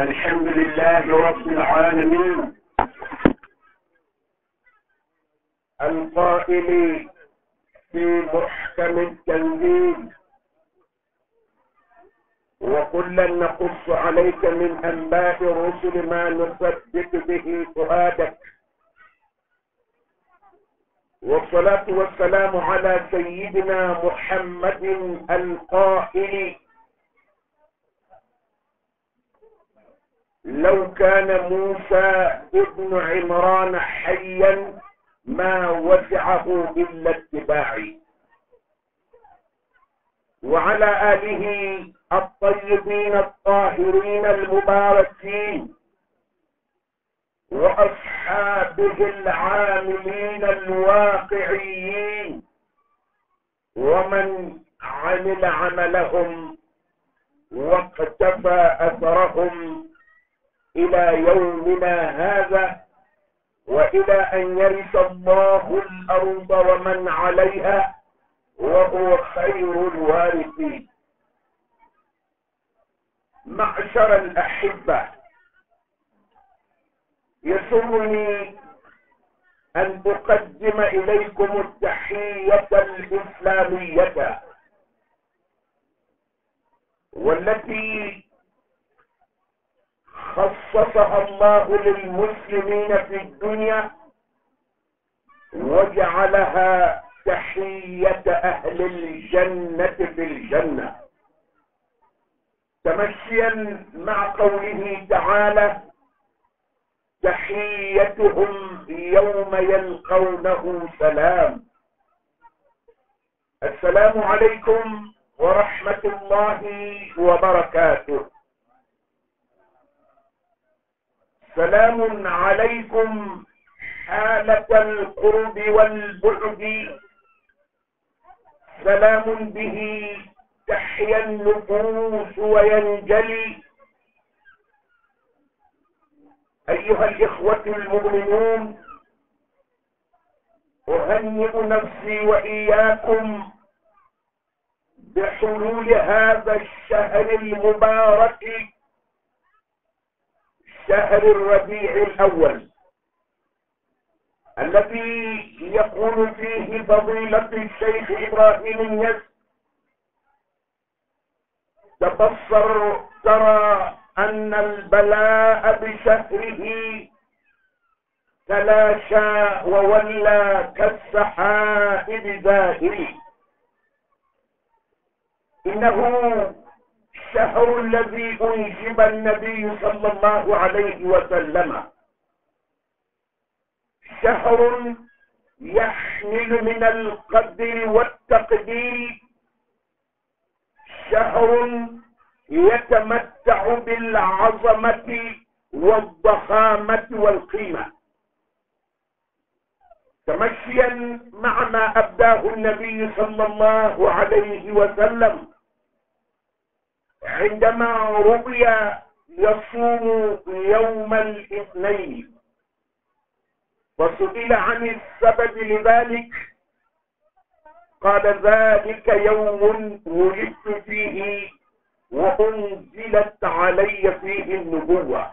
الحمد لله رب العالمين القائل في محكم التنزيل وكلا نقص عليك من انباء الرسل ما نصدق به فؤادك والصلاه والسلام على سيدنا محمد القائل لو كان موسى ابن عمران حيا ما وسعه إلا اتباعي وعلى آله الطيبين الطاهرين المباركين وأصحابه العاملين الواقعيين ومن عمل عملهم واقتفى أثرهم إلى يومنا هذا وإلى أن يرث الله الأرض ومن عليها وهو خير الوارثين معشر الأحبة يسرني أن أقدم إليكم التحية الإسلامية والتي خصصها الله للمسلمين في الدنيا وجعلها تحية أهل الجنة في الجنة تمشيا مع قوله تعالى تحيتهم يوم يلقونه سلام السلام عليكم ورحمة الله وبركاته سلام عليكم آلة القرب والبعد سلام به تحيا النفوس وينجلي أيها الإخوة المؤمنون أهنئ نفسي وإياكم بحلول هذا الشهر المبارك شهر الربيع الأول الذي يقول فيه فضيلة الشيخ إبراهيم يس تبصر ترى أن البلاء بشهره تلاشى وولى كالسحائب ذاهري إنه الشهر الذي أنجب النبي صلى الله عليه وسلم شهر يحمل من القدر والتقدير شهر يتمتع بالعظمة والضخامة والقيمة تمشيا مع ما أبداه النبي صلى الله عليه وسلم عندما رؤي يصوم يوم الاثنين وسئل عن السبب لذلك قال ذلك يوم ولدت فيه وأنزلت علي فيه النبوة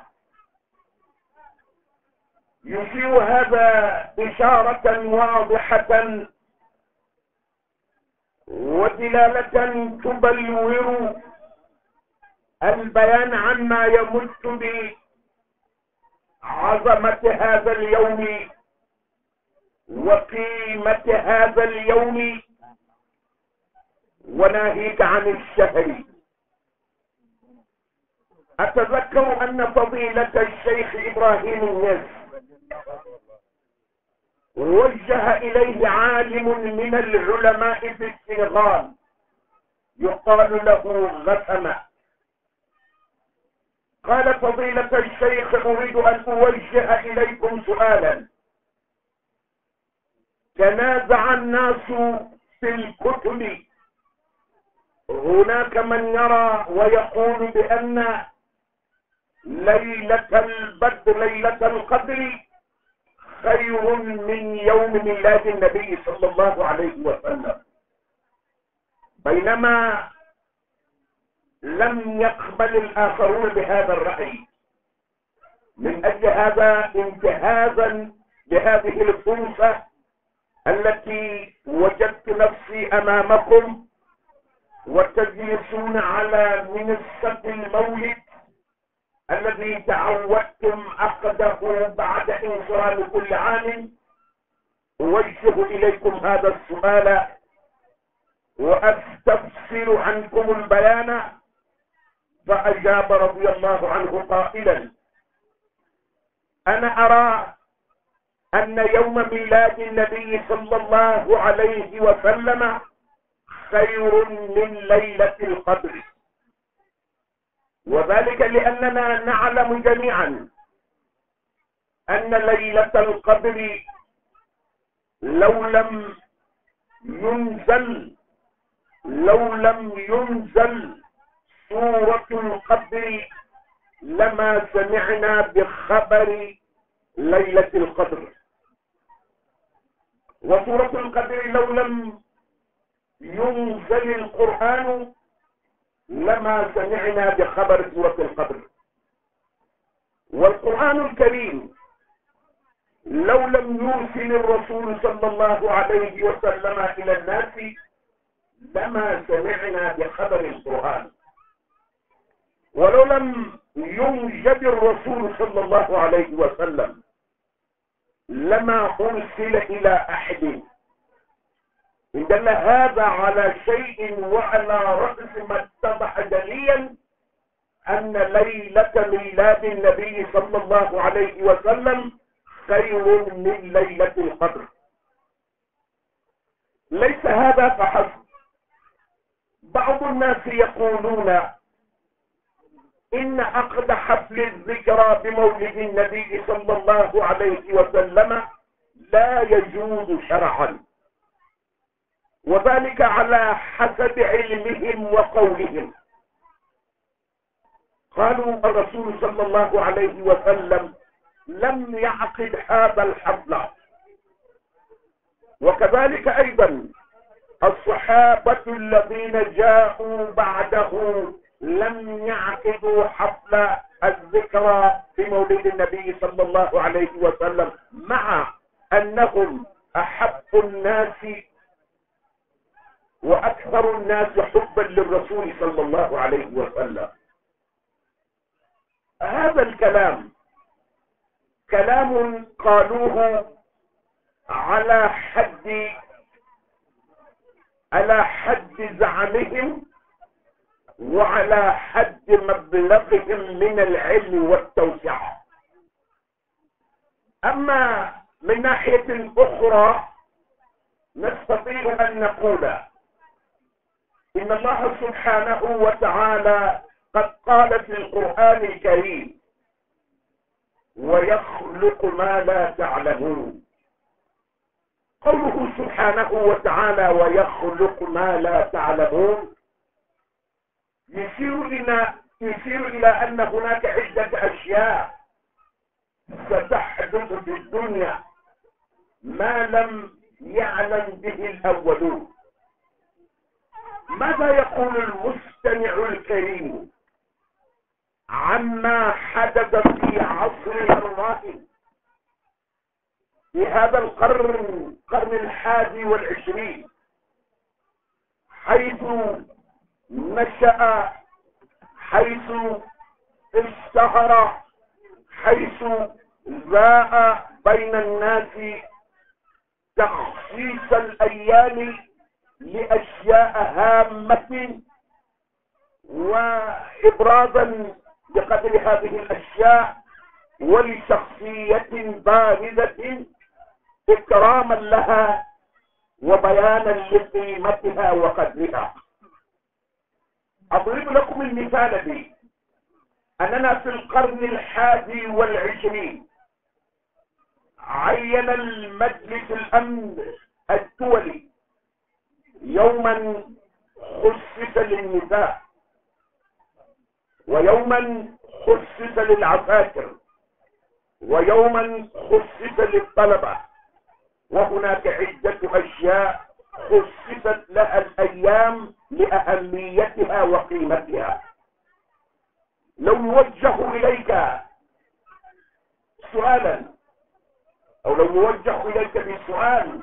يشير هذا إشارة واضحة ودلالة تبلور البيان عما يمت بعظمة هذا اليوم وقيمة هذا اليوم وناهيك عن الشهر أتذكر أن فضيلة الشيخ إبراهيم الناس وجه إليه عالم من العلماء في السنغال يقال له غثمه قال فضيلة الشيخ أريد أن أوجه إليكم سؤالا تنازع الناس في الكتب هناك من يرى ويقول بأن ليلة البدر ليلة القدر خير من يوم ميلاد النبي صلى الله عليه وسلم بينما لم يقبل الآخرون بهذا الرأي من أجل هذا انتهازا لهذه الفرصة التي وجدت نفسي أمامكم وتجلسون على منصة المولد الذي تعودتم عقده بعد انصرام كل عام أوجه إليكم هذا السؤال وأستفسر عنكم البيان فأجاب رضي الله عنه قائلا أنا أرى أن يوم ميلاد النبي صلى الله عليه وسلم خير من ليلة القدر وذلك لأننا نعلم جميعا أن ليلة القدر لو لم ينزل لو لم ينزل سورة القدر لما سمعنا بخبر ليلة القدر وسورة القدر لو لم ينزل القرآن لما سمعنا بخبر سورة القدر والقرآن الكريم لو لم يرسل الرسول صلى الله عليه وسلم إلى الناس لما سمعنا بخبر القرآن ولو لم يوجد الرسول صلى الله عليه وسلم لما أرسل إلى أحد إن دل هذا على شيء وعلى رأس ما اتضح جليا أن ليلة ميلاد النبي صلى الله عليه وسلم خير من ليلة القدر ليس هذا فحسب بعض الناس يقولون إن عقد حفل الذكرى بمولد النبي صلى الله عليه وسلم لا يجوز شرعا وذلك على حسب علمهم وقولهم قالوا الرسول صلى الله عليه وسلم لم يعقد هذا الحفل وكذلك أيضا الصحابة الذين جاءوا بعده لم يعقدوا حفل الذكرى في مولد النبي صلى الله عليه وسلم مع انهم احب الناس واكثر الناس حبا للرسول صلى الله عليه وسلم هذا الكلام كلام قالوه على حد على حد زعمهم وعلى حد مبلغهم من العلم والتوسعة أما من ناحية أخرى نستطيع أن نقول إن الله سبحانه وتعالى قد قال في القرآن الكريم ويخلق ما لا تعلمون قوله سبحانه وتعالى ويخلق ما لا تعلمون يشير إلى يشير إلى أن هناك عدة أشياء ستحدث في الدنيا ما لم يعلم به الأولون ماذا يقول المستمع الكريم عما حدث في عصرنا الرائد في هذا القرن القرن الحادي والعشرين حيث نشأ حيث اشتهر حيث ذاء بين الناس تخصيص الأيام لأشياء هامة وإبرازا بقدر هذه الأشياء ولشخصية بارزة إكراما لها وبيانا لقيمتها وقدرها أضرب لكم المثال به أننا في القرن الحادي والعشرين عين المجلس الأمن الدولي يوما خصص للنساء ويوما خصص للعساكر ويوما خصص للطلبة وهناك عدة أشياء خصصت لها الأيام لأهميتها وقيمتها لو يوجه إليك سؤالا أو لو يوجه إليك بسؤال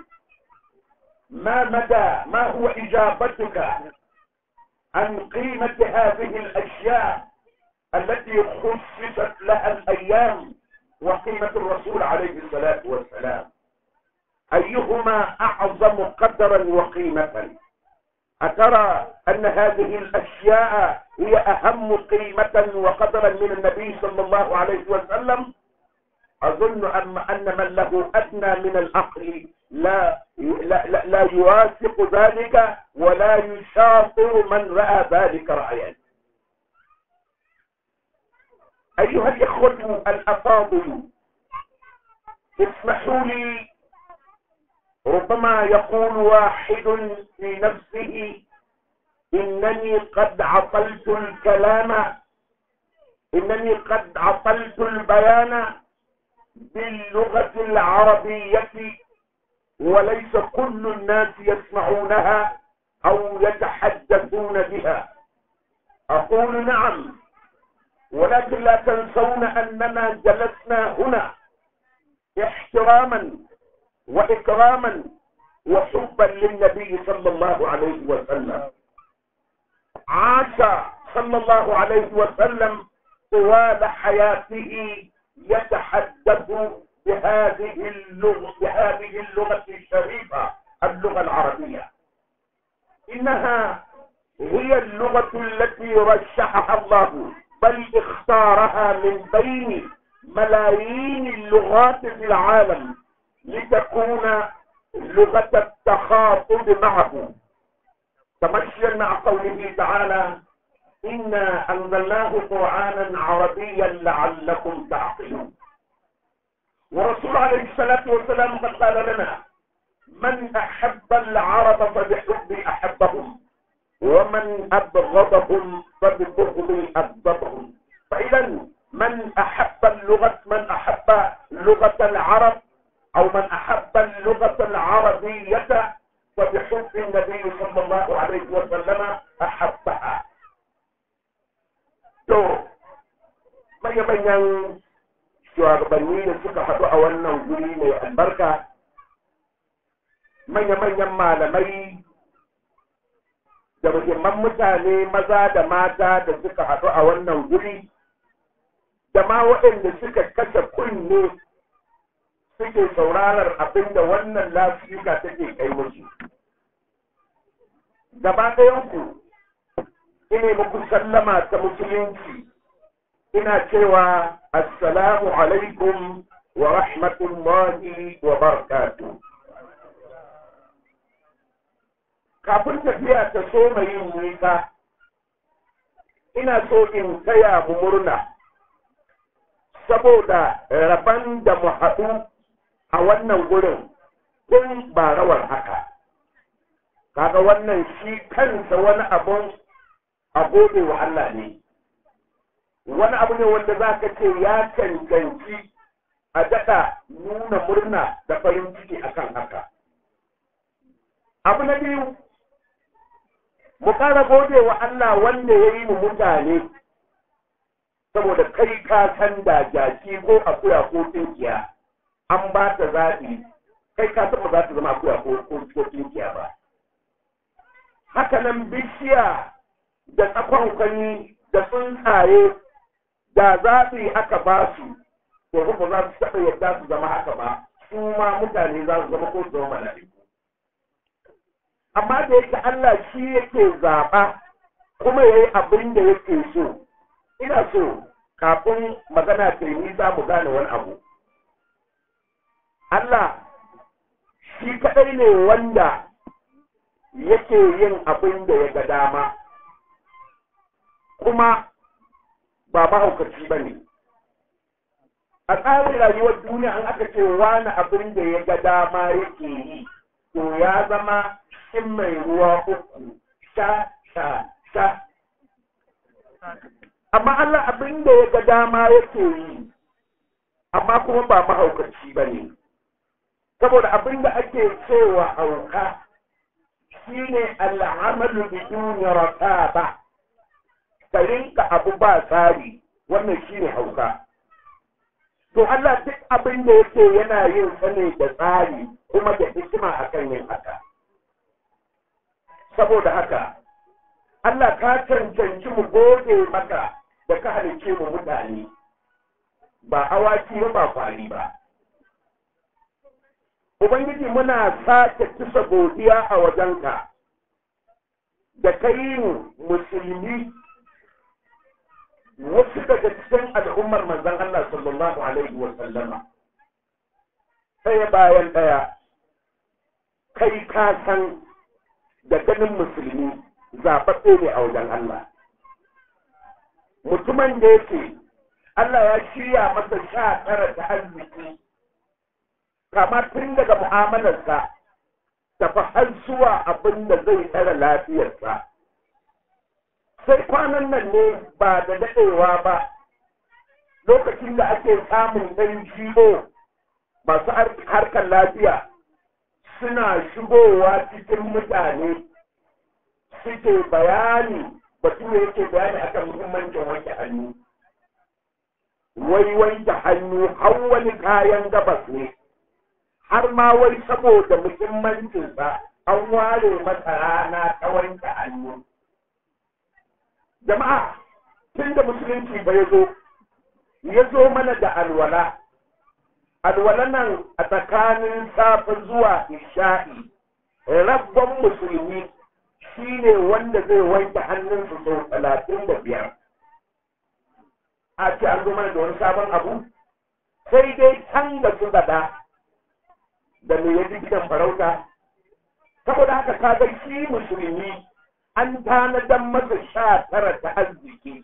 ما مدى ما هو إجابتك عن قيمة هذه الأشياء التي خصصت لها الأيام وقيمة الرسول عليه الصلاة والسلام أيهما أعظم قدرا وقيمة أترى أن هذه الأشياء هي أهم قيمة وقدرا من النبي صلى الله عليه وسلم أظن أن من له أدنى من العقل لا لا, لا, لا يوافق ذلك ولا يشاطر من رأى ذلك رأيا أيها الإخوة الأفاضل اسمحوا لي ربما يقول واحد في نفسه انني قد عطلت الكلام انني قد عطلت البيان باللغه العربيه وليس كل الناس يسمعونها او يتحدثون بها اقول نعم ولكن لا تنسون اننا جلسنا هنا احتراما وإكراما وحبا للنبي صلى الله عليه وسلم عاش صلى الله عليه وسلم طوال حياته يتحدث بهذه اللغة بهذه اللغة الشريفة اللغة العربية إنها هي اللغة التي رشحها الله بل اختارها من بين ملايين اللغات في العالم لتكون لغة التخاطب معه تمشيا مع قوله تعالى إنا أنزلناه قرآنا عربيا لعلكم تعقلون والرسول عليه الصلاة والسلام قد قال لنا من أحب العرب فبحبي أحبهم ومن أبغضهم فببغضي أبغضهم فإذا من أحب اللغة من أحب لغة العرب أو من أحب اللغة العربية وبحب النبي صلى الله عليه وسلم أحبها to manya-manyan shugabanni da suka haɗu a wannan guri mai albarka manya-manyan malamai da muhimman mutane maza da mata da suka haɗu a wannan guri da ma waɗanda suka kashe kunne suke sauraron abin da wannan lafika take kai musu gaba ɗayanku ina muku sallama ta musulunci ina cewa assalamu alaikum wa rahmatullahi wa barakatuh kafin tafiya ta so mai yin nika ina so in kaya mu murna saboda rabon da mu haɗu a wannan gurin kun ba rawar haka kaga wannan shi kansa wani abun a wa Allah ne wani abu ne wanda za ka ce ya cancanci a daɗa nuna murna da farin ciki akan haka abu na biyu mu ƙara gode wa Allah wanda ya yi mu mutane saboda kai ka san da jaki ko akuya ko tsinkiya an ba ta zaɓi kai ka saba za ta zama akuya ko kinkiya ba haka nan bishiya da tsakon kwani da tsuntsaye da zaɓi aka ba su to kuma za su taɓa yadda su zama haka ba su ma mutane za su zama ko su zama amma da yake Allah shi yake zaɓa kuma ya yi abin da yake so ina so kafin magana ta yi za mu gane wani abu Allah shi kadai ne wanda yake yin abin da ya ga dama kuma ba mahaukaci ba ne a tsarin rayuwar duniya an aka ce wani abin da ya ga dama yake yi to ya zama in mai ruwa uku sha sha sha amma Allah abin da ya ga dama yake yi amma kuma ba mahaukaci ba ne saboda abin da ake cewa auka shine al'amalu bi dunya Kayin ka abu ba tsari wannan shine hauka to Allah duk abin da yake yana yin sane da tsari kuma da hikima akan yin haka saboda haka Allah ka cancanci mu gode maka da ka halicce mu mutane ba awaki ba kwari ba Ubangiji muna sake kisa godiya a wajenka da kai musulmi wasu daga cikin al'ummar manzan Allah sallallahu Alaihi wasallama. Sai bayan ɗaya, kai ka san da ganin musulmi zaɓaɓɓe ne a wajen Allah. Mutumin da yake Allah ya shirya masa sha tara ta arziki kama tun daga mu'amalarsa tafi har zuwa abin da zai tsara lafiyarsa sai kwanan nan ne ba da daɗewa ba lokacin da ake samun ɗan jibo masu harkar lafiya suna shigowa cikin mutane suke bayani ne yake bayani akan muhimmancin wanke hannu wai wanke hannu har wani kayan gabas ne har ma wai saboda muhimmancin ba an ware masa rana ta wanke hannu jama'a tun da musulunci ba ya zo ya zo mana da alwala alwala nan a tsakanin safe zuwa isha'i rabban musulmi shine wanda zai wanke hannunsa sau talatin da biyar a ce an zo mana da wani sabon abu sai dai can da su gada da me ya gidan farauta saboda haka ka ga shi musulmi an tanadar masa sha tara ta arziki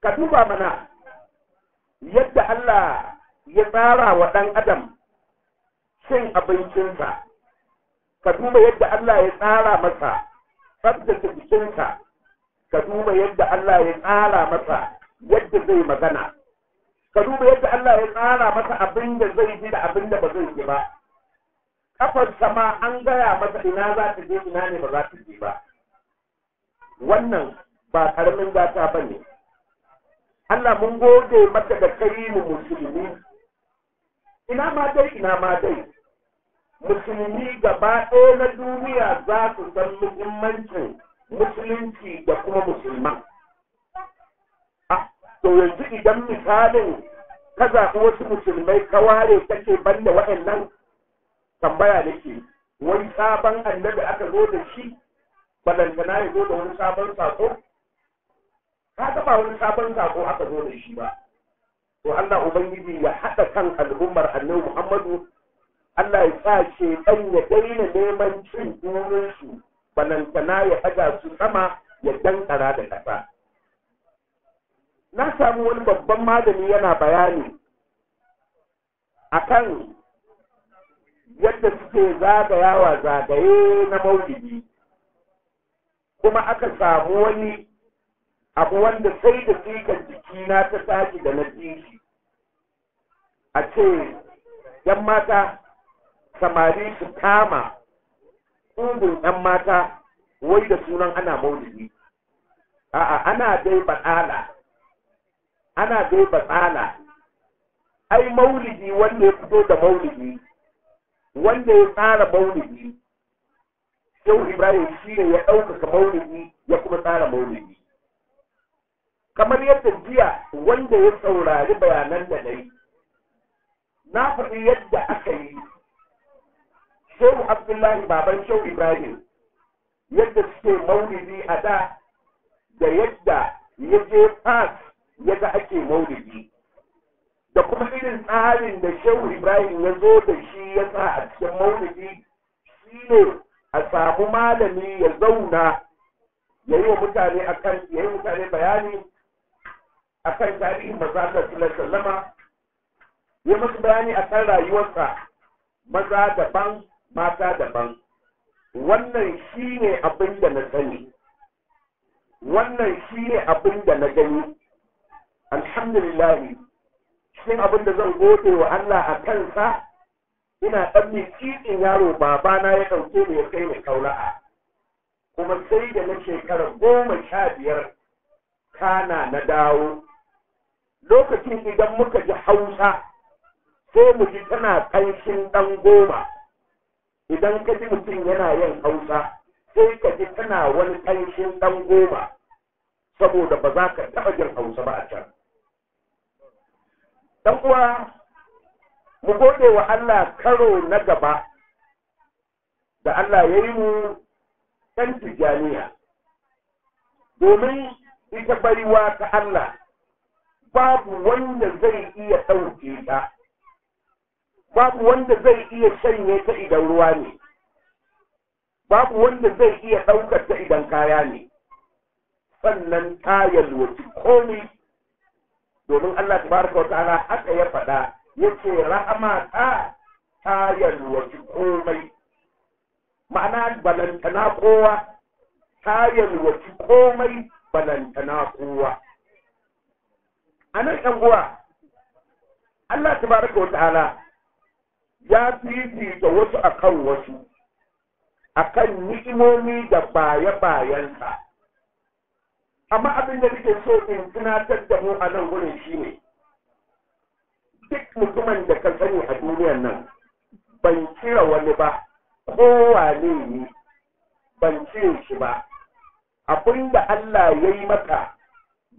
ka duba mana yadda Allah ya tsara wa ɗan adam cin abincinsa ka duba yadda Allah ya tsara masa tsabtace jikinsa ka duba yadda Allah ya tsara masa yadda zai magana ka duba yadda Allah ya tsara masa abin da zai ji da abin da ba zai ji ba Kafar sama an gaya masa ina za ta je ina ne ba za ta je ba wannan ba karamin gata ba ne Allah mun gode maka da kai mu musulmi ina ma dai ina ma dai musulmi gaba ɗaya na duniya za su san muhimmancin musulunci da kuma musulman to yanzu idan misalin ka zaɓi wasu musulmai ka ware kake banda waɗannan tambaya da ke wani sabon annabi aka zo da shi balantana ya zo da wani sabon sako ka taɓa wani sabon sako aka zo da shi ba to Allah ubangiji ya haɗa kan al'ummar annabi Muhammadu Allah ya sa ce ɗan ya daina neman cin su balantana ya ɗaga su sama ya dankara da ƙasa. na samu wani babban magani yana bayani akan yadda suke zagayawa zagaye na maulidi kuma aka samu wani abu wanda sai da jiki na ta tashi da na shi a ce ‘yan mata samari su kama ƙungun ‘yan mata wai da sunan ana maulidi a'a ana dai ba'ala. ana dai batsala ai maulidi wanda ya fito da maulidi wanda ya tsara maulidi yau ibrahim shi ne ya ɗaukaka maulidi ya kuma tsara maulidi kamar yadda jiya wanda ya saurari bayanan da na yi na faɗi yadda aka yi shehu abdullahi baban shehu ibrahim yadda suke maulidi a da da yadda ya je fas ya ga ake maulidi da kuma irin tsarin da shehu ibrahim ya zo da shi ya sa a cikin maulidi shi ne a samu malami ya zauna ya yi wa mutane akan ya yi mutane bayani akan tarihin maza da sallama ya musu bayani akan rayuwarsa maza daban mata daban wannan shi ne abin da na sani wannan shi ne abin da na gani alhamdulillahi cikin abin da zan gode wa Allah a kansa ina ɗan miƙiƙin yaro babana ya ɗauke da ya kai mai kaula'a kuma sai da na shekara goma sha biyar kana na dawo lokacin idan muka ji hausa sai mu ji tana ƙanshin ɗan goma idan ka ji mutum yana yin hausa sai ka ji tana wani ƙanshin ɗan goma saboda ba za ka taɓa jin hausa ba a can ɗan uwa mu gode wa Allah karo na gaba da Allah ya yi mu ɗan tijjaniya domin ita bariwa ta Allah babu wanda zai iya ɗauke ta babu wanda zai iya shanye ta idan ruwa ne babu wanda zai iya ɗaukar ta idan kaya ne sannan ta yalwaci komai domin Allah tabaraka wa ta'ala haka ya faɗa yake rahama ta ta yalwaci komai ma'ana balantana kowa ta yalwaci komai balantana kowa a nan ɗan uwa Allah tabaraka wa ta'ala ya fifita wasu akan wasu akan ni'imomi da baya-bayansa amma abin da nake so in tunatar da mu a nan gurin ne, duk mutumin da ka sani a duniyar nan ban cire wani ba kowane ne ban cire shi ba abin da Allah ya yi maka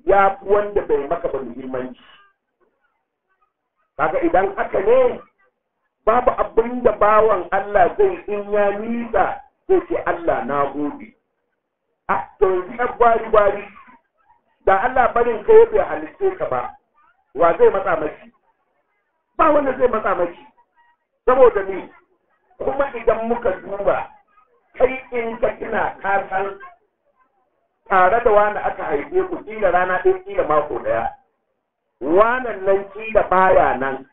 ya fi wanda bai maka ba muhimmanci kaga idan haka ne babu abin da bawan Allah zai in ya nisa ko ce Allah na gobe. a to gwari gwari da Allah barin kai bai halitte ka ba wa zai matsa maki ba wanda zai matsa maki saboda ni kuma idan muka duba kai in ka kina ka tare da wani aka haife ku kila rana ɗin kila mako ɗaya wanan nan kila baya nan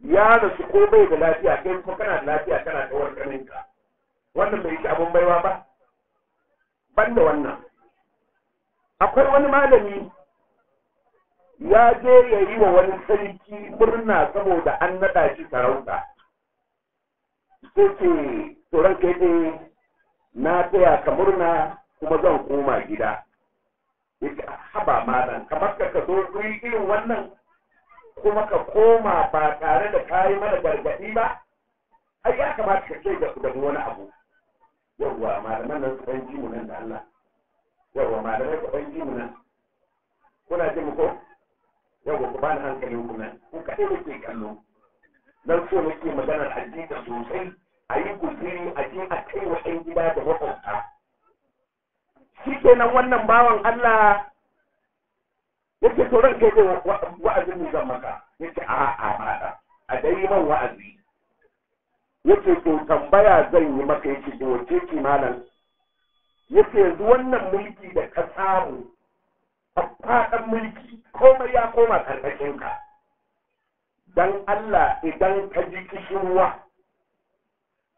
ya rasu ko bai da lafiya kai kuma kana da lafiya kana da ka wannan bai ci abun baiwa ba banda wannan akwai wani malami ya je ya yi wa wani sarki murna saboda an naɗa shi sarauta sai ce tsoron kai na tsaya ka murna kuma zan koma gida Ya ce haba malam kamar ka ka zo wuri irin wannan kuma ka koma ba tare da kayi mana gargaɗi ba ai ya kamata ka ce da wani abu yawwa malaman nan kuɗan ji mu nan da Allah yawwa malamai kuɗan ji mu nan kuna ji mu ko yawwa ku bani hankali ku nan ku kaɗai muke kallo Nan so muke maganar addini sosai a yi guziri a je a kai wa ɗan gida da maƙwabta shi kenan wannan bawan Allah yake to ranka yake wa'azin mu zan maka yake a, a a dai man wa'azi yake to tambaya zan yi maka yake da wace ce malam yake yanzu wannan mulki da ka samu A faɗan mulki komai ya koma ka Dan Allah idan ka ji kishin ruwa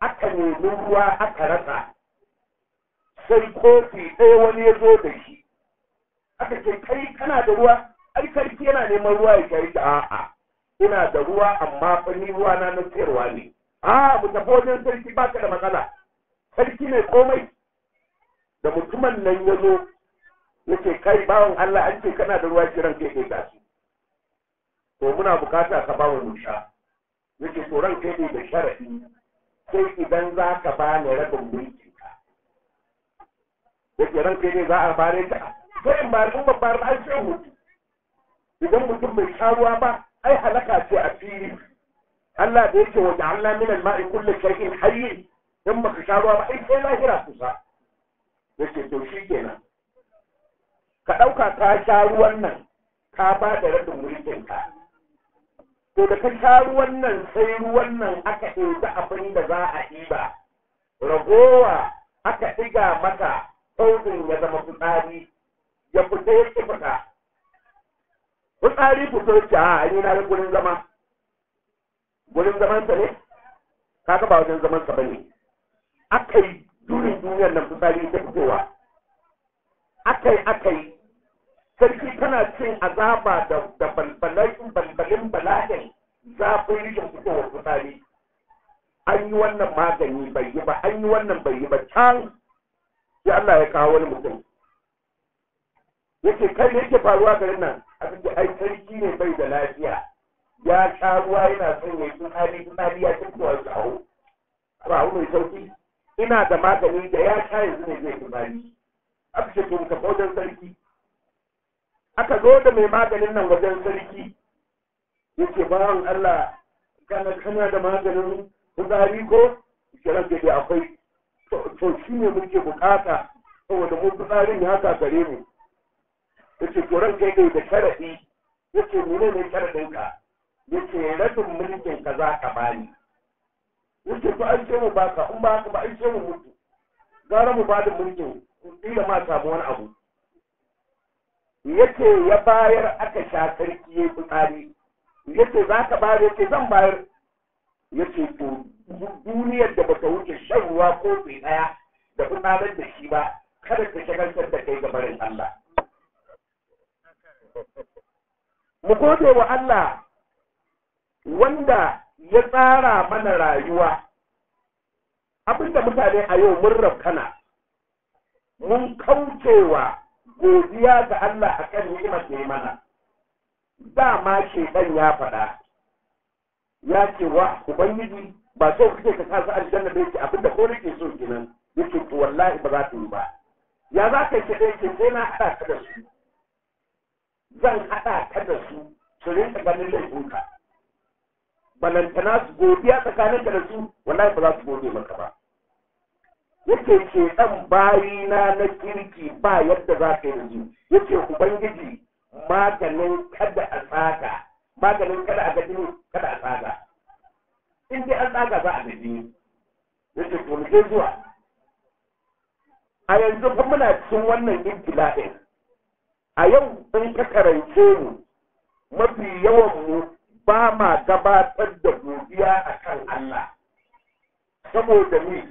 aka nemi ruwa aka rasa sai kofi ɗaya wani ya zo da shi aka ce kai kana da ruwa ai sarki yana neman ruwa ya shari'a a'a ina da ruwa amma fa ni ruwa na na ne a mu tafi wajen sarki ka da matsala sarki ne komai da mutumin nan ya zo yake kai bawan Allah an ce kana da ruwa kiran kai kai gasu to muna bukata ka ba mu sha yake to ran kai ne da sharadi sai idan za ka ba ni rabin mulki ka yake ran kai ne za a bare ka sai in ba mun babbar an ce hutu idan mutum bai sha ruwa ba ai halaka ce a fili Allah da yake wa ja'alna min al-ma'i kullu shay'in hayy in baka sha ruwa ba ai sai lahira kusa yake to shi kenan ka dauka ka sha ruwan nan ka ba da rabin mulkin ka to da ka sha ruwan nan sai ruwan nan aka ɗauki abin da za a ɗiba ragowa aka ɗiga maka ɗaurin ya zama fitsari ya fita ya ƙi fita fitsari fito ce a yi na gurin zama wurin zaman ta ne kaga ba wajen zaman sa bane aka yi durin duniyar nan fitsari ta fitowa aka yi aka yi sarki tana cin azaba da da balbalin balbalin bala'in zafin rikin fitowar fitsari an yi wannan magani bai yi ba an yi wannan bai yi ba can sai Allah ya kawo wani mutum yake kai ne yake faruwa garin nan a cikin ai sarki ne bai da lafiya ya sha ruwa yana son ya yi hali in hali ya tafi wa zawo ba abu sauki ina da magani da ya sha yanzu ne zai tunani aka ce to ka wajen sarki aka zo da mai maganin nan wajen sarki yake bawan Allah kana kana da maganin kuzari ko kiran da akwai to shi ne muke bukata saboda mun kuzarin ya sa gare mu yace to ran kai da sharadi yace menene sharadin ka yace rabin mulkin ka za ka bani yake ba an ce mu baka in ba ka ba an ce mu mutu gara mu bada mulkin kila ma samu wani abu yace ya bayar aka sha sarki ya fitsari yace za ka bayar yace zan bayar yace to duniyar da baka wuce shan ruwa ko tsaye daya da fitsarin da shi ba kada ka shagaltar da kai ga barin Allah mu gode wa Allah wanda ya tsara mana rayuwa abinda mutane a yau mun rafkana mun kaucewa godiya ga Allah a kan ni'imar da mana dama ɗan ya faɗa ya ce wa ubangiji ba so kuke ka kasa aljanna da yake abinda ko nake so kenan yake to wallahi ba za ta yi ba ya za ka yi ke na haɗa ka da su zan haɗa ka da su su rinka ganin laifinka balantana su godiya tsakanin da su wallahi ba za su gode maka ba yake ce dan bari na na kirki ba yadda za ka yi yake ubangiji maganin kada a tsaka maganin kada a gaji kada a tsaka in dai an tsaka za a gaji yake to mu zuwa a yanzu kuma muna cikin wannan ibtila'in a yau in ka karance mu mafi yawan mu ba ma gabatar da godiya a kan Allah saboda ni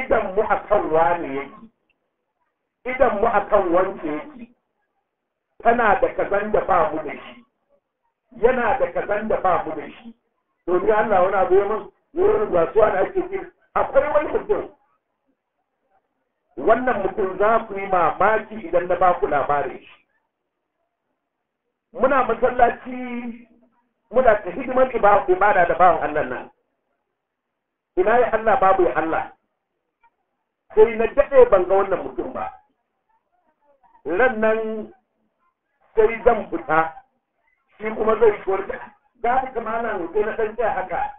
idan mu a kan wani yake idan mu a kan wance yake tana da kazan da ba mu da shi yana da kazan da ba mu da shi domin Allah wani abu ya wurin da ake yi. akwai wani mutum wannan mutum za ku yi mamaki idan na ba ku labarin shi muna masallaci muna ta hidimar ibada da bawan Allah nan ina ya Allah babu ya Allah sai na daɗe ban ga wannan mutum ba ran nan sai zan fita shi kuma zai shigo ga su kuma nan sai na ɗan tsaya haka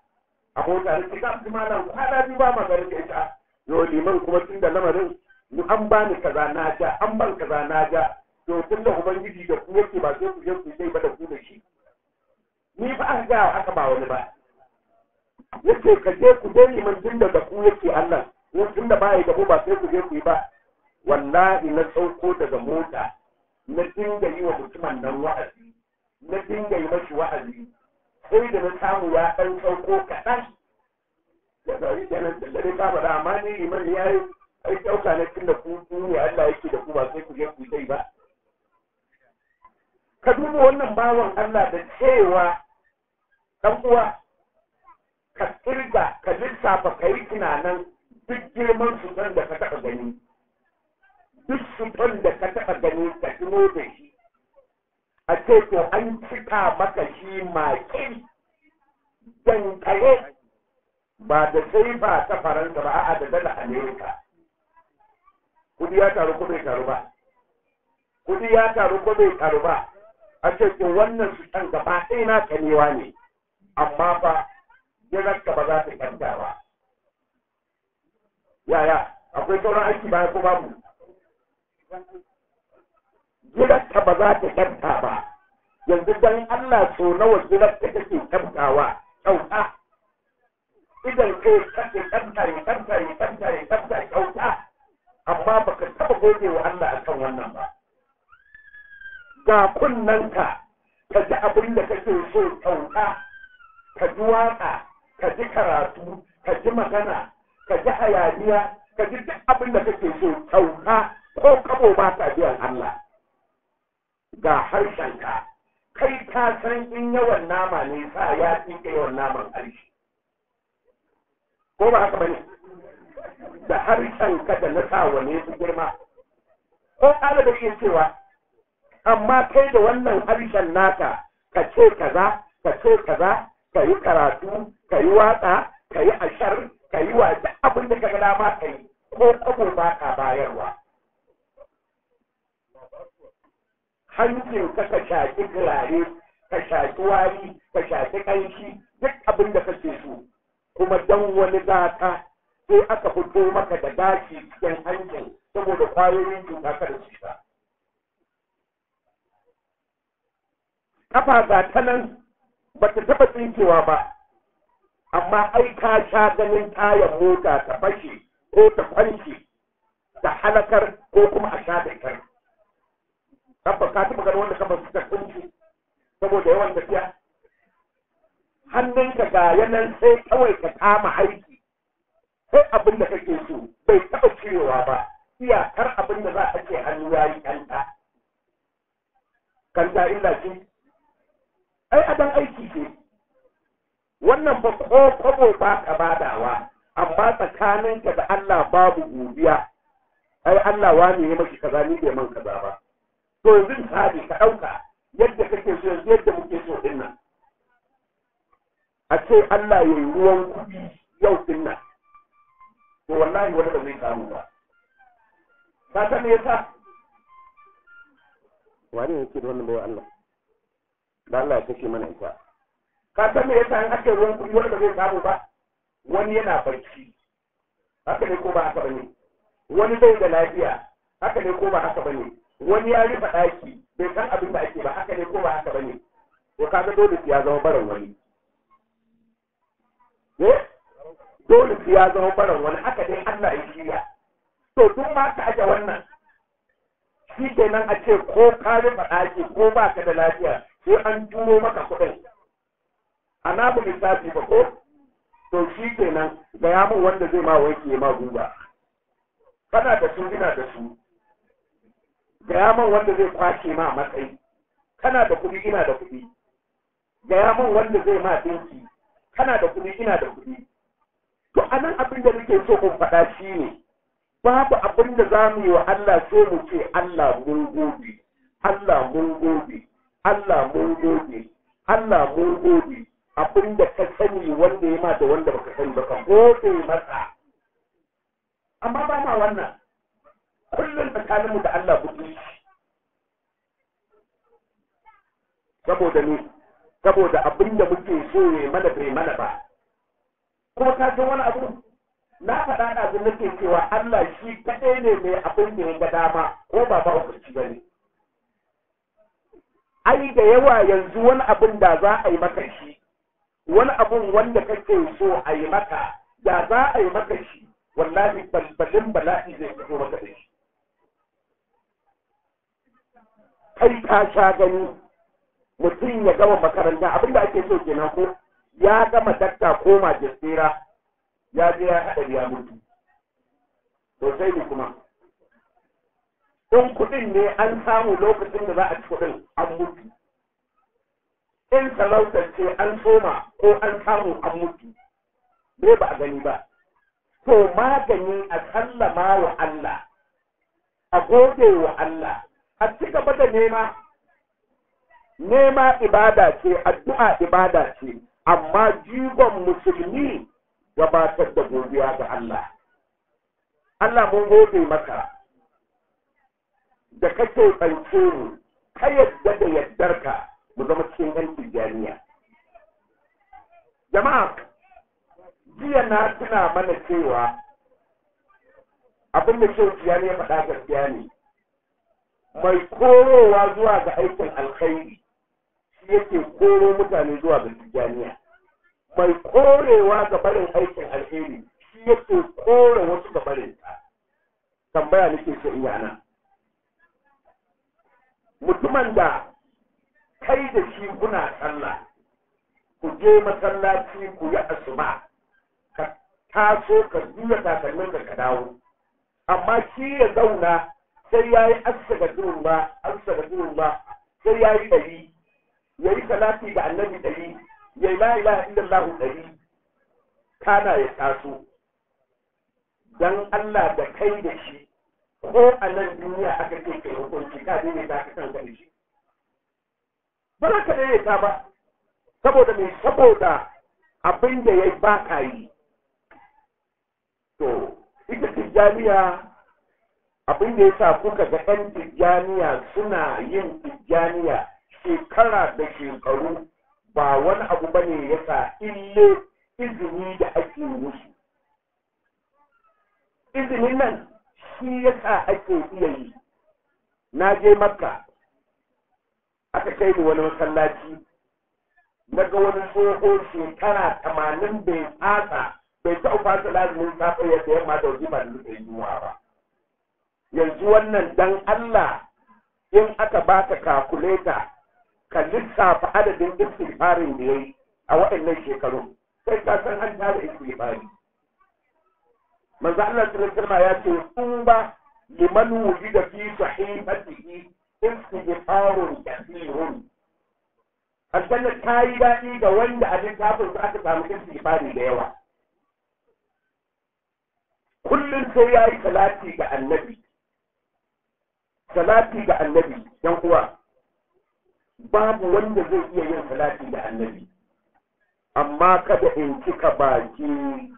a hota da ga su kuma na kwana biyu ba ma garin ita yo liman kuma tun da lamarin mu an bani kaza na ja an ban kaza na ja to tun da ubangiji da ku yake ba sai ku je ku sai ba da ku da shi ni ba a gaya aka ba wani ba yake ka je ku je liman tun daga ku yake Allah ko tunda ba baya gabo ba sai ku je ku yi ba wallahi na tsauko daga mota na dinga yi wa mutumin nan wa'azi na dinga yi mashi wa'azi sai da na samu ya ɗan tsauko kaɗan da zauri kenan tun da dai ba da amma ni liman ya yi ai ɗauka na tun da ku ne Allah yake da ku ba sai ku je ku yi ba ka duba wannan bawan Allah da cewa dan uwa ka kirga ka lissafa ka yi tunanin duk girman sutan da ka taɓa gani duk sutan da ka taɓa gani ka tuno da shi a ce to an cika maka shi makin dankare ba da sai ba ta faransa ba a'a da dala amerika kudi ya taru ko bai taru ba kudi ya taru ko bai taru ba a ce to wannan su can gaba ɗaya na kanewa ne amma fa hirarka ba za ta kanta ba yaya akwai sauran aiki baya ko babu hirarka ba za ta kanta ba yanzu don Allah so nawa hirarka take kyantawa kyauta idan ke kake kanta ya kanta ya kyanta ya kyanta kyauta amma ka taba goge wa Allah akan wannan ba ga kunnanka ka ji abin da kake so kyauta ka ji waka ka ji karatu ka ji magana ka ji hayaniya ka ji duk abin da kake so sauka, ko kabo ba ta biyan Allah ga ka, kai ka san in yawan nama ne sa ya tsinke yawan naman harshe ko ba haka bane da harshen ka da na sawa ne su girma ko da shi cewa amma kai da wannan harshen naka ka ce kaza ka ce kaza ka yi karatu ka yi watsa ka yi ashar ka yi watsa abin da ka ga dama ka yi ko kuma ba ka bayarwa hancin ka ka shaƙi turare ka shaƙi wari ka shaƙi ƙanshi duk abin da kake so kuma don wani gata sai aka fito maka da gashi cikin hancin saboda kwayoyin cuta da cuta kafa ga ta nan ba ta taɓa tsinkewa ba amma ai ka sha ganin tayar mota ta fashe ko ta kwanke ta halakar ko kuma a sha da ita kafa ka taɓa ganin wanda kafa suka kunci saboda yawan tafiya hannunka ga yanar sai kawai ka kama haiki sai abin da kake so bai taɓa cirewa ba iyakar abin da za a ce hannu ya yi kanta kanta illa ce ai adan aiki ne. wannan ba ko kwabo ba ka badawa amma ka da Allah babu godiya ai Allah wani ya maki kaza ni bai man kaza ba to yanzu bi ka ɗauka yadda kake so yanzu yadda muke so dinna a ce Allah ya yi ruwan kuɗi yau dinna to wallahi wani ba zai samu ba ka san me yasa wani yake da wannan bai Allah da Allah ya kashe mana ita ka san me yasa an aka ruwan kuɗi wanda zai samu ba wani yana barci haka ne ko ba haka bane wani bai da lafiya haka ne ko ba haka bane wani ya rufe ɗaki bai san abin da ake ba haka ne ko ba haka bane to ga dole ya zama barin wani eh dole ya zama barin wani haka dai Allah ya shirya to duk ma ka aje wannan shi kenan a ce ko ka rufe ɗaki ko ba ka da lafiya sai an turo maka kuɗin a na bu lissafi ba ko to shi kenan ga ya mun wanda zai ma wanke ma guba kana da su ina da su ga ya mun wanda zai kwace ma matsayi kana da kuɗi ina da kuɗi ga ya mun wanda zai ma dinki kana da kuɗi ina da kuɗi to anan abin da nake so in faɗa shi ne babu abin da za mu yi wa Allah so mu ce Allah mun gobe. Allah mun gobe. Allah mun gode Allah mun gode abin da ka sani wanda ya ma da wanda baka sani ba ka gode masa amma ba ma wannan kullum mu da Allah buɗi saboda ne saboda abin da muke so ne mana bai mana ba kuma ka san wani abu na faɗa na nake cewa Allah shi kaɗai ne mai abin da ya ga dama ko ba ba ku ci bane ai da yawa yanzu wani abin da za a yi maka shi wani abin wanda kake so a yi maka da za a yi maka shi wallahi balbalin bala'i zai fito maka da shi kai ka sha gani mutum ya gama makaranta abin da ake so kenan ko ya gama dakta ko majistera ya je ya haɗa ya mutu sosai ne kuma in kuɗin ne an samu lokacin da za a ci kuɗin an mutu in sarautar ce an soma ko an samu an mutu ne ba a gani ba to magani a sallama wa Allah a gode wa Allah a ci gaba da nema nema ibada ce addu'a ibada ce amma jigon musulmi gabatar da godiya ga Allah Allah mun gode maka da kake tsance ni ka yadda da ka mu zama cikin yan tijjaniya jama'a jiya na tuna mana cewa abin da shehu tijjani ya faɗa gaskiya ne mai korowa zuwa ga aikin alkhairi shi yake koro mutane zuwa ga tijjaniya mai korewa ga barin aikin alkhairi shi yake kore wasu ga barin ta tambaya nake so iya mutumin da kai da shi kuna sallah ku je masallaci ku yi asuba ka taso ka duya takalmin ka dawo amma shi ya zauna sai ya yi asaga ba asaga ba sai ya yi ɗari ya yi salati da annabi ɗari ya yi la ilaha illallah ɗari kana ya taso dan Allah da kai da shi ko a nan duniya aka ce ka yi hukunci ka ne ta ka kanka da shi ba za ka ne ta ba saboda mai saboda abin da ya yi ba ka yi to ita tijjaniya abin da ya sa kuka ga ɗan tijjaniya suna yin tijjaniya shekara da shekaru ba wani abu ba ne ya sa ille izini da ake musu izinin nan shi yasa ake iya yi na je makka aka kai ni wani masallaci na ga wani tsoho shekara tamanin bai tsasa bai taɓa fasa lazumin safe ya da yamma da ba da nuka yi ba yanzu wannan dan Allah in aka ba ka kakuleta ka lissafa adadin istighfarin da ya yi a waɗannan shekarun sai ka san an tara istighfari manzo Allah sallallahu alaihi ya ce kun ba liman wujida fi sahifatihi istighfarun kathirun aljanna ta yi daɗi da wanda a kafin za aka samu istighfari da yawa kullum sai ya yi salati ga annabi salati ga annabi dan uwa babu wanda zai iya yin salati ga annabi amma kada in kika baki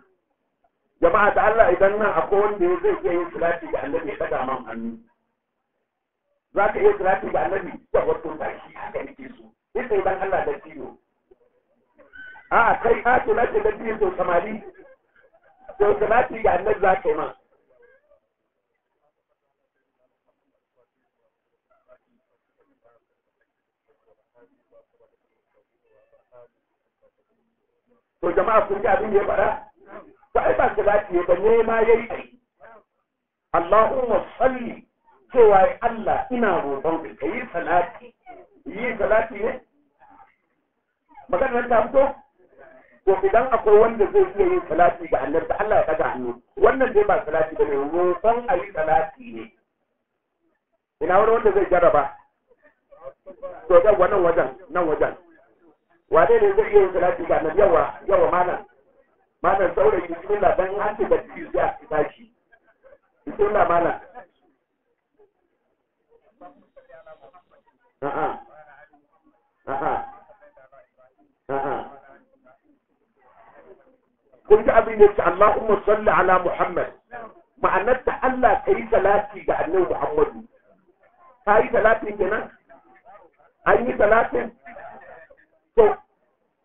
jama'a da Allah idan nan akwai wanda ya zai iya yin salati ga annabi ya daga man hannu za ka iya salati ga annabi ya wato ba shi haka nake so sai idan Allah da tiyo a kai ka salati da tiyo to samari to salati ga annabi za ka yi ma to jama'a kun ga abin da ya faɗa ba ai ba salati ya yi yayi Allahumma salli cewa Allah ina roƙon ka yi salati yi salati ne maganar ta fito to idan akwai wanda zai iya yin salati ga annabi da Allah ya daga hannu wannan dai ba salati bane roƙon a yi salati ne ina wani wanda zai jarraba to ga wannan wajen nan wajen wane ne zai iya yin salati ga annabi yawa yawa malam malam saurayi bismillah dan an ci bacci sai a fita shi bismillah malam a'a a'a a'a kun ji abin da yake Allahumma salli ala Muhammad ma'anar ta Allah ka yi salati ga annabi Muhammadu ka yi salatin kenan an yi salatin to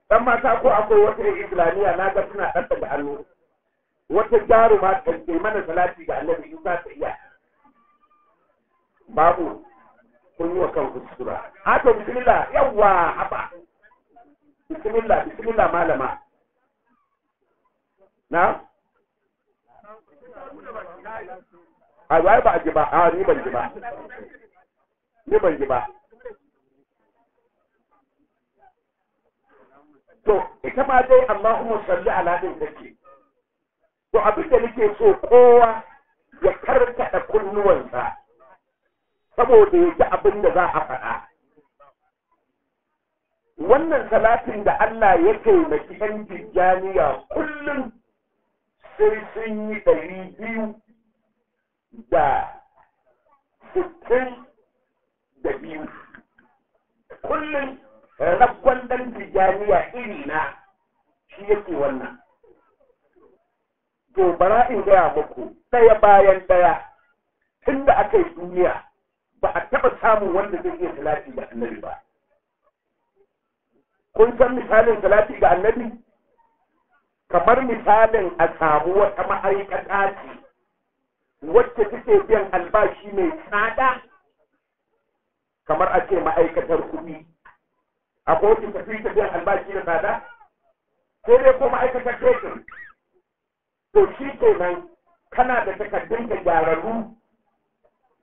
dan mata ko akwai wata islamiyya na ga suna ɗan daga allo wata jaru ma ce mana salati ga annabi in za ta iya babu kun yi wa kan kuskura a to bismillah yawwa haba bismillah bismillah malama na a ba a ji ba a ni ban ji ba ni ban ji ba to ita ma dai amma kuma salli ala din take to abin da nake so kowa ya karkada kunnuwansa saboda ya ji abin da za a faɗa wannan salatin da Allah ya taimaki ‘yan jami'a kullum sai sun yi ɗari biyu da sittin da biyu rakon dan tijaniya iri na shi yake wannan to bara in gaya muku ɗaya bayan ɗaya tun da aka yi duniya ba a taɓa samun wanda zai iya salati ga annabi ba kun san misalin salati ga annabi kamar misalin a samu wata ma'aikata ce wacce take biyan albashi mai tsada kamar ake ma'aikatar kuɗi A kotun ta fi biyan albashi na tsada ko dai ko ma'aikata kotun to shi kenan kana da takardun ka gyararru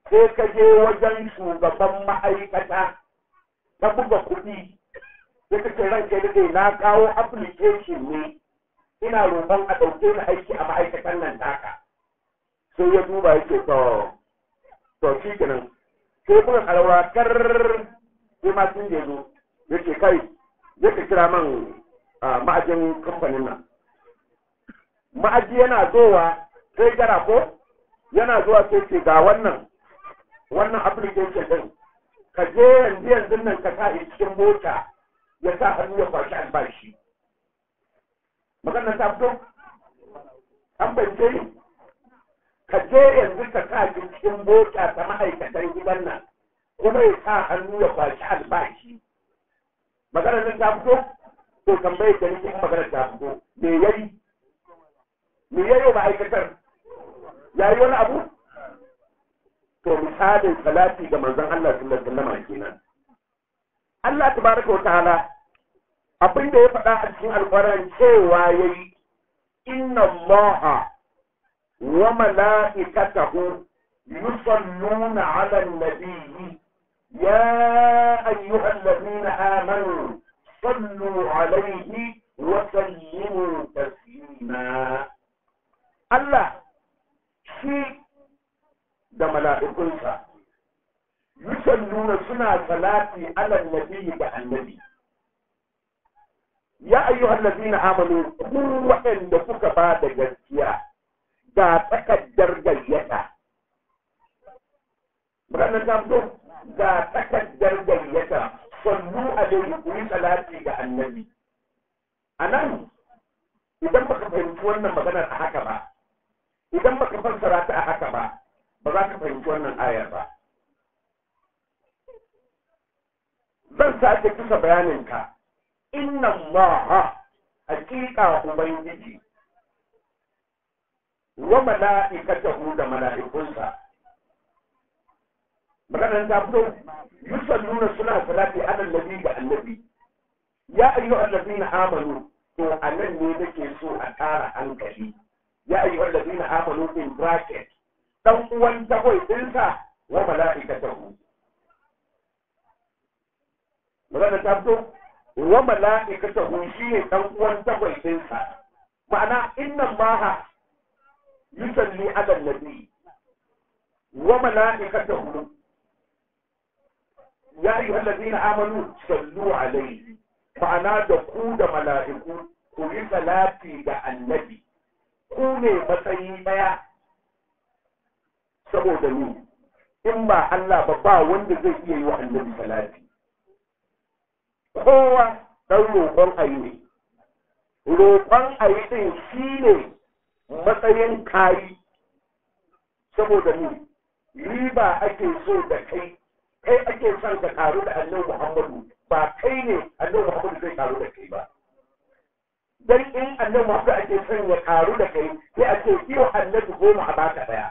sai ka je wajen shugaban ma'aikata ta buga kuɗi Ya ka ce ranke da na kawo application ne ina roƙon a ɗauke ni aiki a ma'aikatan nan taka sai ya duba yake to to shi kenan sai kuma alwakar sai ma sun je zo yake kai yake kira man ma'ajin kamfanin nan ma'aji yana zowa sai gara ko yana zuwa sai ce ga wannan wannan application din ka je yanzu yanzu nan ka sa cikin mota ya sa hannu ya kwashi albashi maganar ta fito an bance ka je yanzu ka sa cikin mota ta ma'aikatan gidan nan kuma ya sa hannu ya kwashi albashi magana nan ta fito to tambayar da nake magana ta fito me yayi me yayi ma'aikatar yayi wani abu to misalin salati ga manzon Allah sallallahu alaihi wasallam kenan Allah tabaraka wa ta'ala abin da ya faɗa a cikin alƙur'ani cewa yayi inna allaha wa mala'ikatahu yusalluna 'ala an-nabiyyi يا أيها الذين آمنوا صلوا عليه وسلموا تسليما الله شيء da mala'ikunsa yusalluna suna salati ala nabi da annabi ya na ladina amanu ku waɗanda kuka ba da gaskiya ga takaddar gayyata ranar ta fito ga takaddar gayyata sallu alaihi ku yi salati ga annabi anan idan baka fahimci wannan maganar a haka ba idan baka fassara ta a haka ba ba za ka fahimci wannan ayar ba zan sake kusa bayaninka inna allaha hakika ubangiji wa mala'ikatahu da mala'ikunsa maganar ta fito yusalluna suna salati ala nabi ga annabi ya ayyuhal ladina amanu to anan ne nake so a ƙara hankali ya ayyuhal ladina amanu in bracket dan uwan takwai dinsa wa mala'ikatahu maganar ta fito wa mala'ikatahu shine dan uwan takwai dinsa ma'ana inna maha yusalli ala nabi wa mala'ikatahu ya yi hallazina amanu sallu alaihi ma'ana da ku da mala'iku ku yi salati ga annabi ku ne matsayi daya saboda ni in ba Allah ba ba wanda zai iya yi wa annabi salati kowa dan roƙon ayi ne roƙon ayi din shi ne matsayin kayi saboda ni riba ake so da kai kai ake son ka karu da annabi Muhammadu ba kai ne annabi Muhammadu zai karu da kai ba dan in annabi Muhammadu ake son ya karu da kai sai ake kiwo annabi goma a baka daya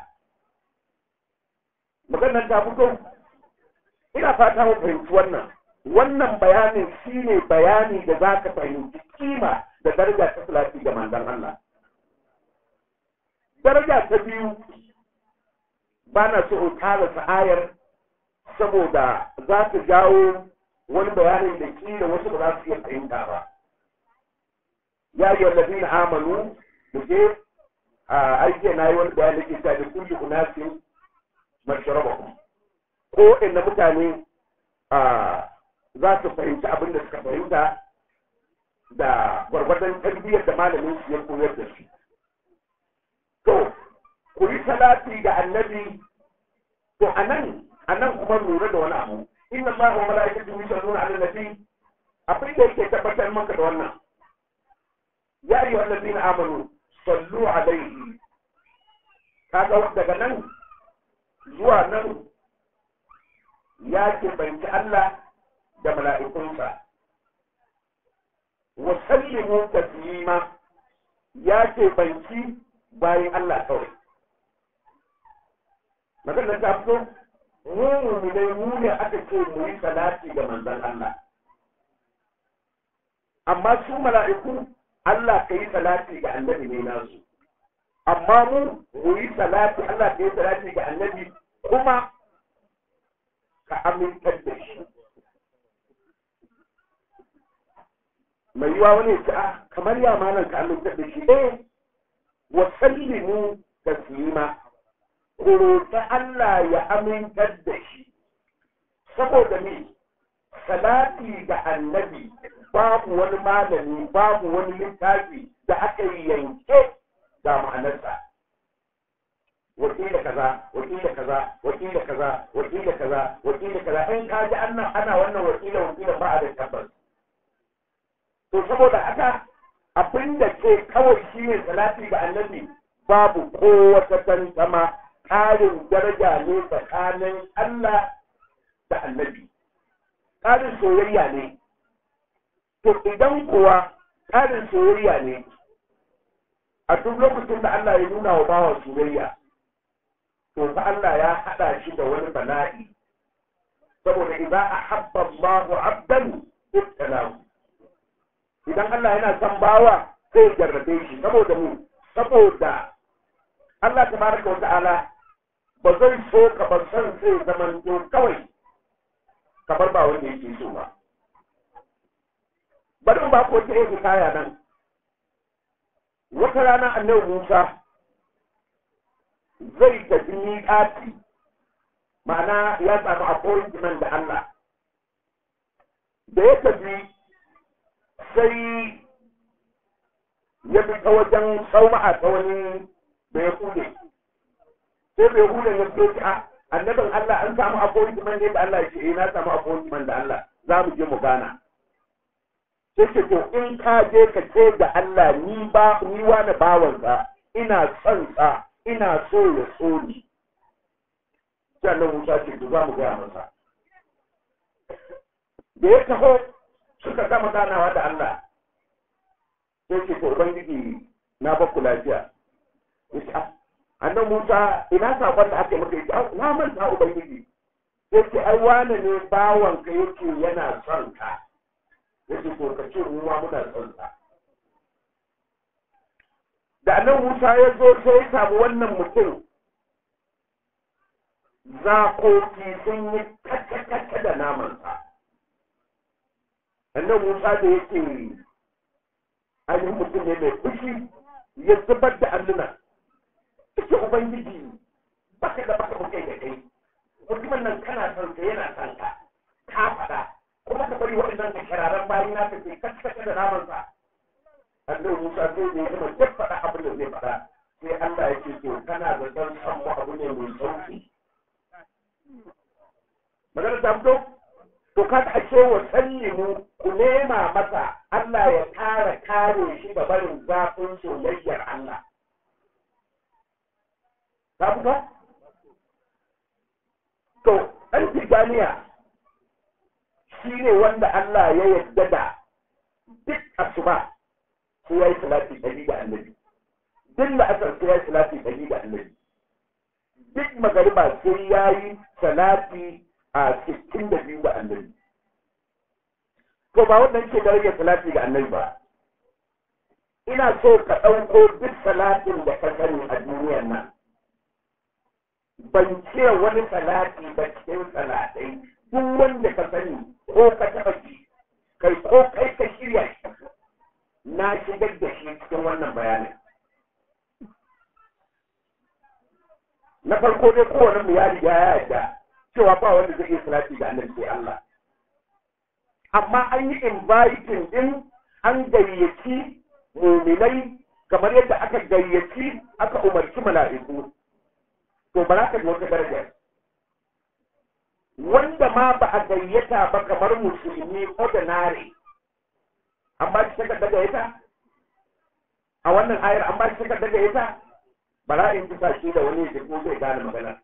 maganar ta fito ina fata mu fahimci wannan wannan bayanin shine bayani da za ka fahimci kima da daraja ta salati ga manzon Allah daraja ta biyu ba na so in kara ayar saboda za ta jawo wani bayanin da kila wasu ba za su iya fahimta ba ya yi wallafi na amalu da ke a aiki na yi wani bayani da ke kuna da mashara ba kuma. ko inda mutane za su fahimci abin da suka fahimta da gwargwadon tarbiyyar da malamin su ya koyar da shi. to ku yi salati ga annabi to a nan. annan kuma lura da wani abu inna allaha wa mala'ikatu yusalluna ala nabi akwai da yake tabbatar maka da wannan ya ayu allazina amanu sallu alaihi kaga daga nan zuwa nan ya ce banki Allah da mala'ikunsa wa sallimu taslima ya ce banki bayan Allah kawai maganar ta fito mu mu'minai mu ne aka ce mu yi salati ga manzon Allah amma su mala'iku Allah ka yi salati ga annabi ne nasu amma mu mu yi salati Allah ka yi salati ga annabi kuma ka amintar da shi mai yiwa wani ta a ah, kamar ya malam ka amintar da shi eh wa sallimu taslima ku Allah ya amintar da shi saboda ne, salati ga annabi babu wani malami babu wani littafi da aka yi yanke da ma'anarsa wakila kaza wakila kaza wakila kaza wakila kaza wakila kaza in ka ji annan ana wannan wakila wakila ba a da tabbas to saboda haka abin da ke kawai shi ne salati ga annabi babu ko wata tantama ƙarin daraja ne tsakanin Allah da annabi ƙarin soyayya ne to idan kuwa ƙarin soyayya ne a duk lokacin da Allah ya nuna wa bawa soyayya to fa Allah ya haɗa shi da wani bala'i saboda idza ahabba Allahu 'abdan idan Allah yana son bawa sai jarrabe shi saboda mu saboda Allah tabaraka wa ta'ala ba zai so ka ba san sai zaman kawai kamar ba wanda yake so ba don ba ko ta yi kaya nan wata rana annabi Musa zai tafi miƙati ma'ana ya samu appointment da Allah da ya tafi sai ya fita wajen tsauma a tsawon da ya kuɗe ko bai hudan ya ce a annabin Allah an samu appointment ne da Allah ce eh, na samu appointment da Allah za mu je mu gana sai ce in ka je ka ce da Allah ni ba ni wani ka ina son ka ina so ya so ni sai Allah Musa ce to za mu gaya masa da ya taho suka gama ganawa da Allah sai ce to ubangiji na ku lafiya annan Musa ina sakon da aka maka yake ah, na manta ubangiji yake ai wane ne bawan ka yake yana son ka yake ko ka ce ruwa muna son ka da annan Musa ya zo sai ya samu wannan mutum zakoki sun yi kakakaka da namansa annan Musa da yake ainihin mutum ne mai fushi ya zubar da alluna ubangiji ba ka da baka buke da kai mutumin nan kana son sa yana son ka ka fada kuma ka bari waɗannan ka kiraran bayan na tafi kaskata da naman sa annabi Musa zai ne kuma duk fada abin da zai fada sai Allah ya ce to kana da dan san mu abu ne mai sauki magana ta fito to ka ta ce wa mu ku nema masa Allah ya kare kare shi da barin zafin soyayyar Allah ka buga to ɗan tijaniya shi ne wanda Allah ya yarda da duk asuba sai ya yi salati ɗari ga annabi duk da asar sai ya yi salati ɗari ga annabi duk magariba sai ya yi salati a sittin da biyu ga annabi to ba wannan ke daraja salati ga annabi ba ina so ka ɗauko duk salatin da ka sani a duniyar nan ban ce wani salati ba cikin salatai duk wanda ka sani ko ka taɓa shi kai ko kai ka shirya shi na shigar da shi cikin wannan bayanin na farko dai kowane mu ya riga ya yarda cewa ba wanda zai iya salati da annabi sai Allah amma an yi inviting din an gayyaci muminai kamar yadda aka gayyaci aka umarci mala'iku to ba za ka wata daraja wanda ma ba a gayyata ba kamar musulmi ko da nare an ba shi takardar gayyata a wannan ayar an ba shi takardar gayyata ba za in kusa shi da wani jirgin zai gane magana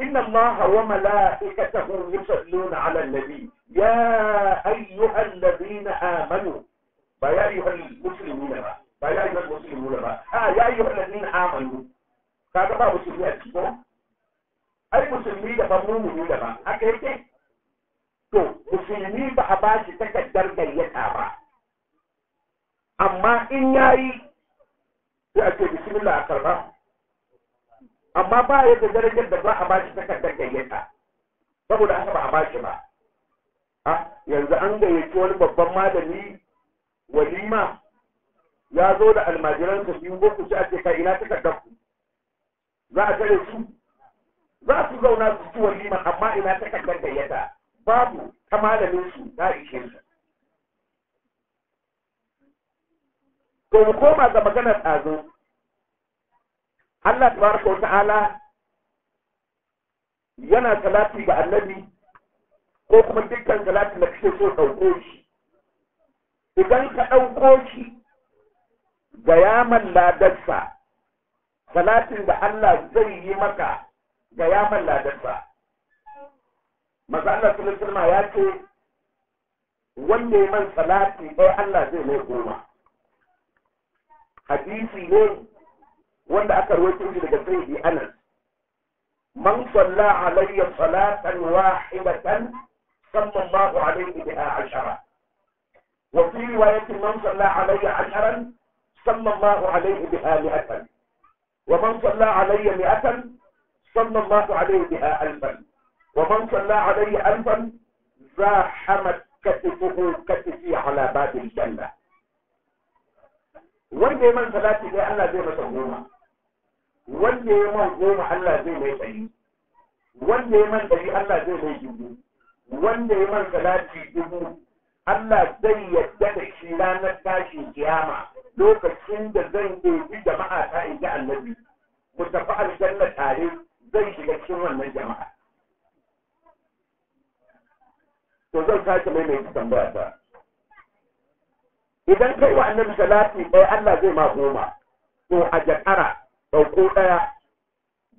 إن الله وملائكته يصلون على النبي يا أيها الذين آمنوا فيا أيها المسلمون بقى فيا أيها المسلمون بقى آه يا أيها الذين آمنوا kaga ba musulmi a ciki ba ai musulmi da ba mumuni da ba haka yake to musulmi ba a bashi takardar gayyata ba amma in yayi sai ake ce bismillah a karba amma ba ya da darajar da ba a bashi takardar gayyata saboda haka ba a bashi ba a ah, yanzu an gayyaci wani babban malami walima ya zo da almajiransa biyu ko ku ci a ce ka ina takardar ku za a tare su za su zauna su ci walima amma ina ta kaddar gayyata babu ta malamin su ta ishe su to mu koma ga maganar ɗazu Allah tabaraka wa ta'ala yana salati ga annabi ko kuma dukkan salati da kake so ɗauko shi idan ka ɗauko shi ga yaman ladarsa salatin da Allah zai yi maka ga yaman ladarsa. Maza Allah Sulaiman ya ce, wanda ya man salati ɗaya eh, Allah zai mai goma. Hadisi ne wanda aka rawaito shi daga sayyidi Anas. Man salla alayya salatan wahidatan sallallahu alayhi biha ashara. وفي رواية من صلى علي عشرا صلى الله عليه بها مئة ومن صلى علي مئة صلى الله عليه بها ألفا ومن صلى علي ألفا زاحمت كتفه كتفي على باب الجنة wanda ya man salati sai Allah zai masa goma wanda ya man goma Allah zai mai tsayi wanda ya man dari, Allah zai mai dubu wanda ya man salati dubu Allah zai yadda da shi ranar tashin kiyama lokacin da zan ɗauki jama'a ta inda annabi mu tafi aljanna tare zai shiga cikin wannan jama'a to zan sake mai mai tambaya ta idan kai wa annabi salati ɗaya Allah zai ma goma to a jakara ɗauko ɗaya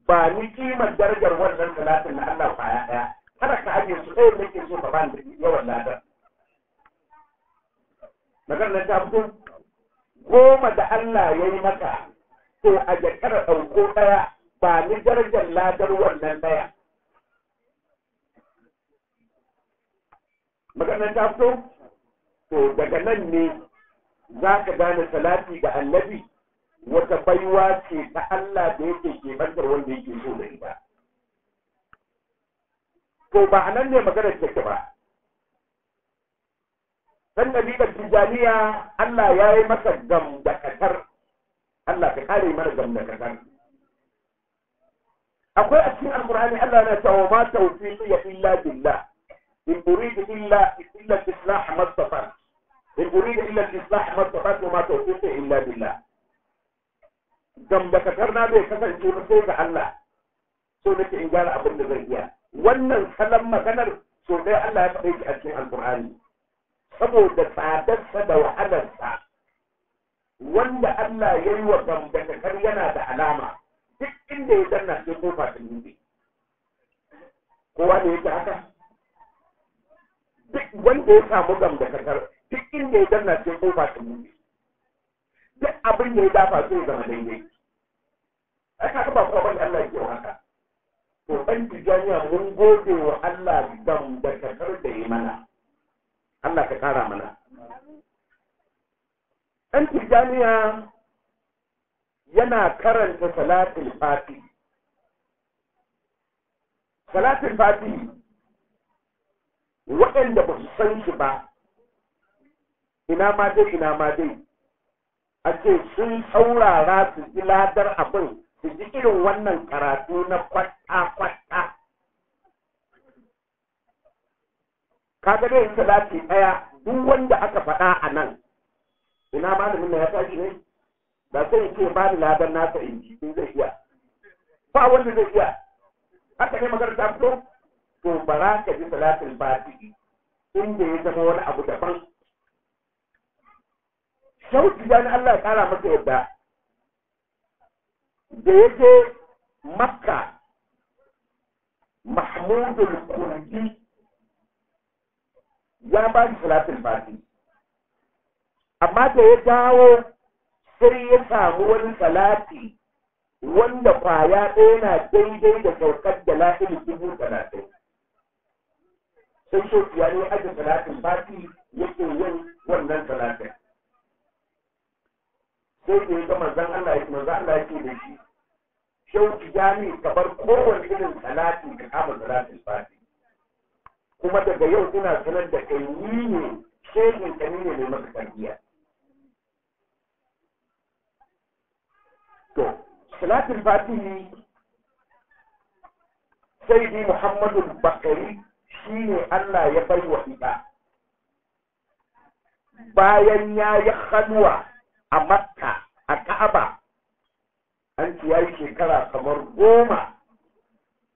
ba ni kimar darajar wannan salatin na Allah kwaya ɗaya kada ka ajiye su ɗaya nake so ka da yawan ladar maganar ta fito goma da Allah ya yi maka to a jakar ɗauko ɗaya ba ni darajar ladar wannan ɗaya. Maganar ta fito to daga nan ne za ka gane salati ga annabi wata baiwa ce ta Allah da yake ke bantar wanda yake so da ita. To ba nan ne maganar take ba. dan dalilin tijaniya Allah ya yi masa gamdakatar Allah ka kare mana gamdakatar akwai a cikin al alqur'ani Allah yana cewa ma tawfiqi ya illa billah in urid illa illa islah mastafar in urid illa islah mastafar wa ma tawfiqi illa billah gamdakatar na zai kasance ba sai ga Allah so nake in gyara abin da zan iya wannan kalan maganar so dai Allah ya faɗe shi a cikin al alqur'ani saboda tsadarsa da wahalarsa wanda Allah ya yi wa gamdakakar yana da alama duk inda ya danna sai kofa ta nube kowa da ya haka duk wanda ya samu gamdakakar duk inda ya danna sai kofa ta nube duk abin da ya dafa sai zama daidai aka ba kuma ban Allah ke haka to ban tijaniya mun gode wa Allah gamdakakar da ya mana Allah ka ƙara mana ɗan tijjaniya yana karanta salatin fati Salatin fati waɗanda ba su san shi ba ina ma dai ina ma dai a ce sun saurara su ji ladar abin su ji irin wannan karatu na kwata-kwata kaga dai salati daya duk wanda aka faɗa a nan ina malamin na ya tashi ne ba sai ce ba ni ladan nasa in ji in zai iya ba wanda zai iya haka ne magana ta fito to ba za ka ji salatin batiki inda ya zama wani abu daban shauki ya ni Allah ya kara masa yadda da yake makka mahmudul kurdi ya ba shi talatin fati amma da ya dawo sai ya samu wani salati wanda kwaya ɗaya na daidai da saukar da da dubu talatin sai shi ya ne aje salatin ya ke yin wannan salatin sai ke ya ga zan Allah ya manzon Allah ya ce da shi shauki ya ne ka bar kowane irin salati da kama salatin fati kuma daga yau ina sanar da kai ni ne shekin ka ni ne mai maka tarbiya. to salatul fatihi sai dai Muhammadu bakari shine Allah ya bai wa ita, bayan ya yi haduwa a makka a ka'aba an ci ya yi shekara kamar goma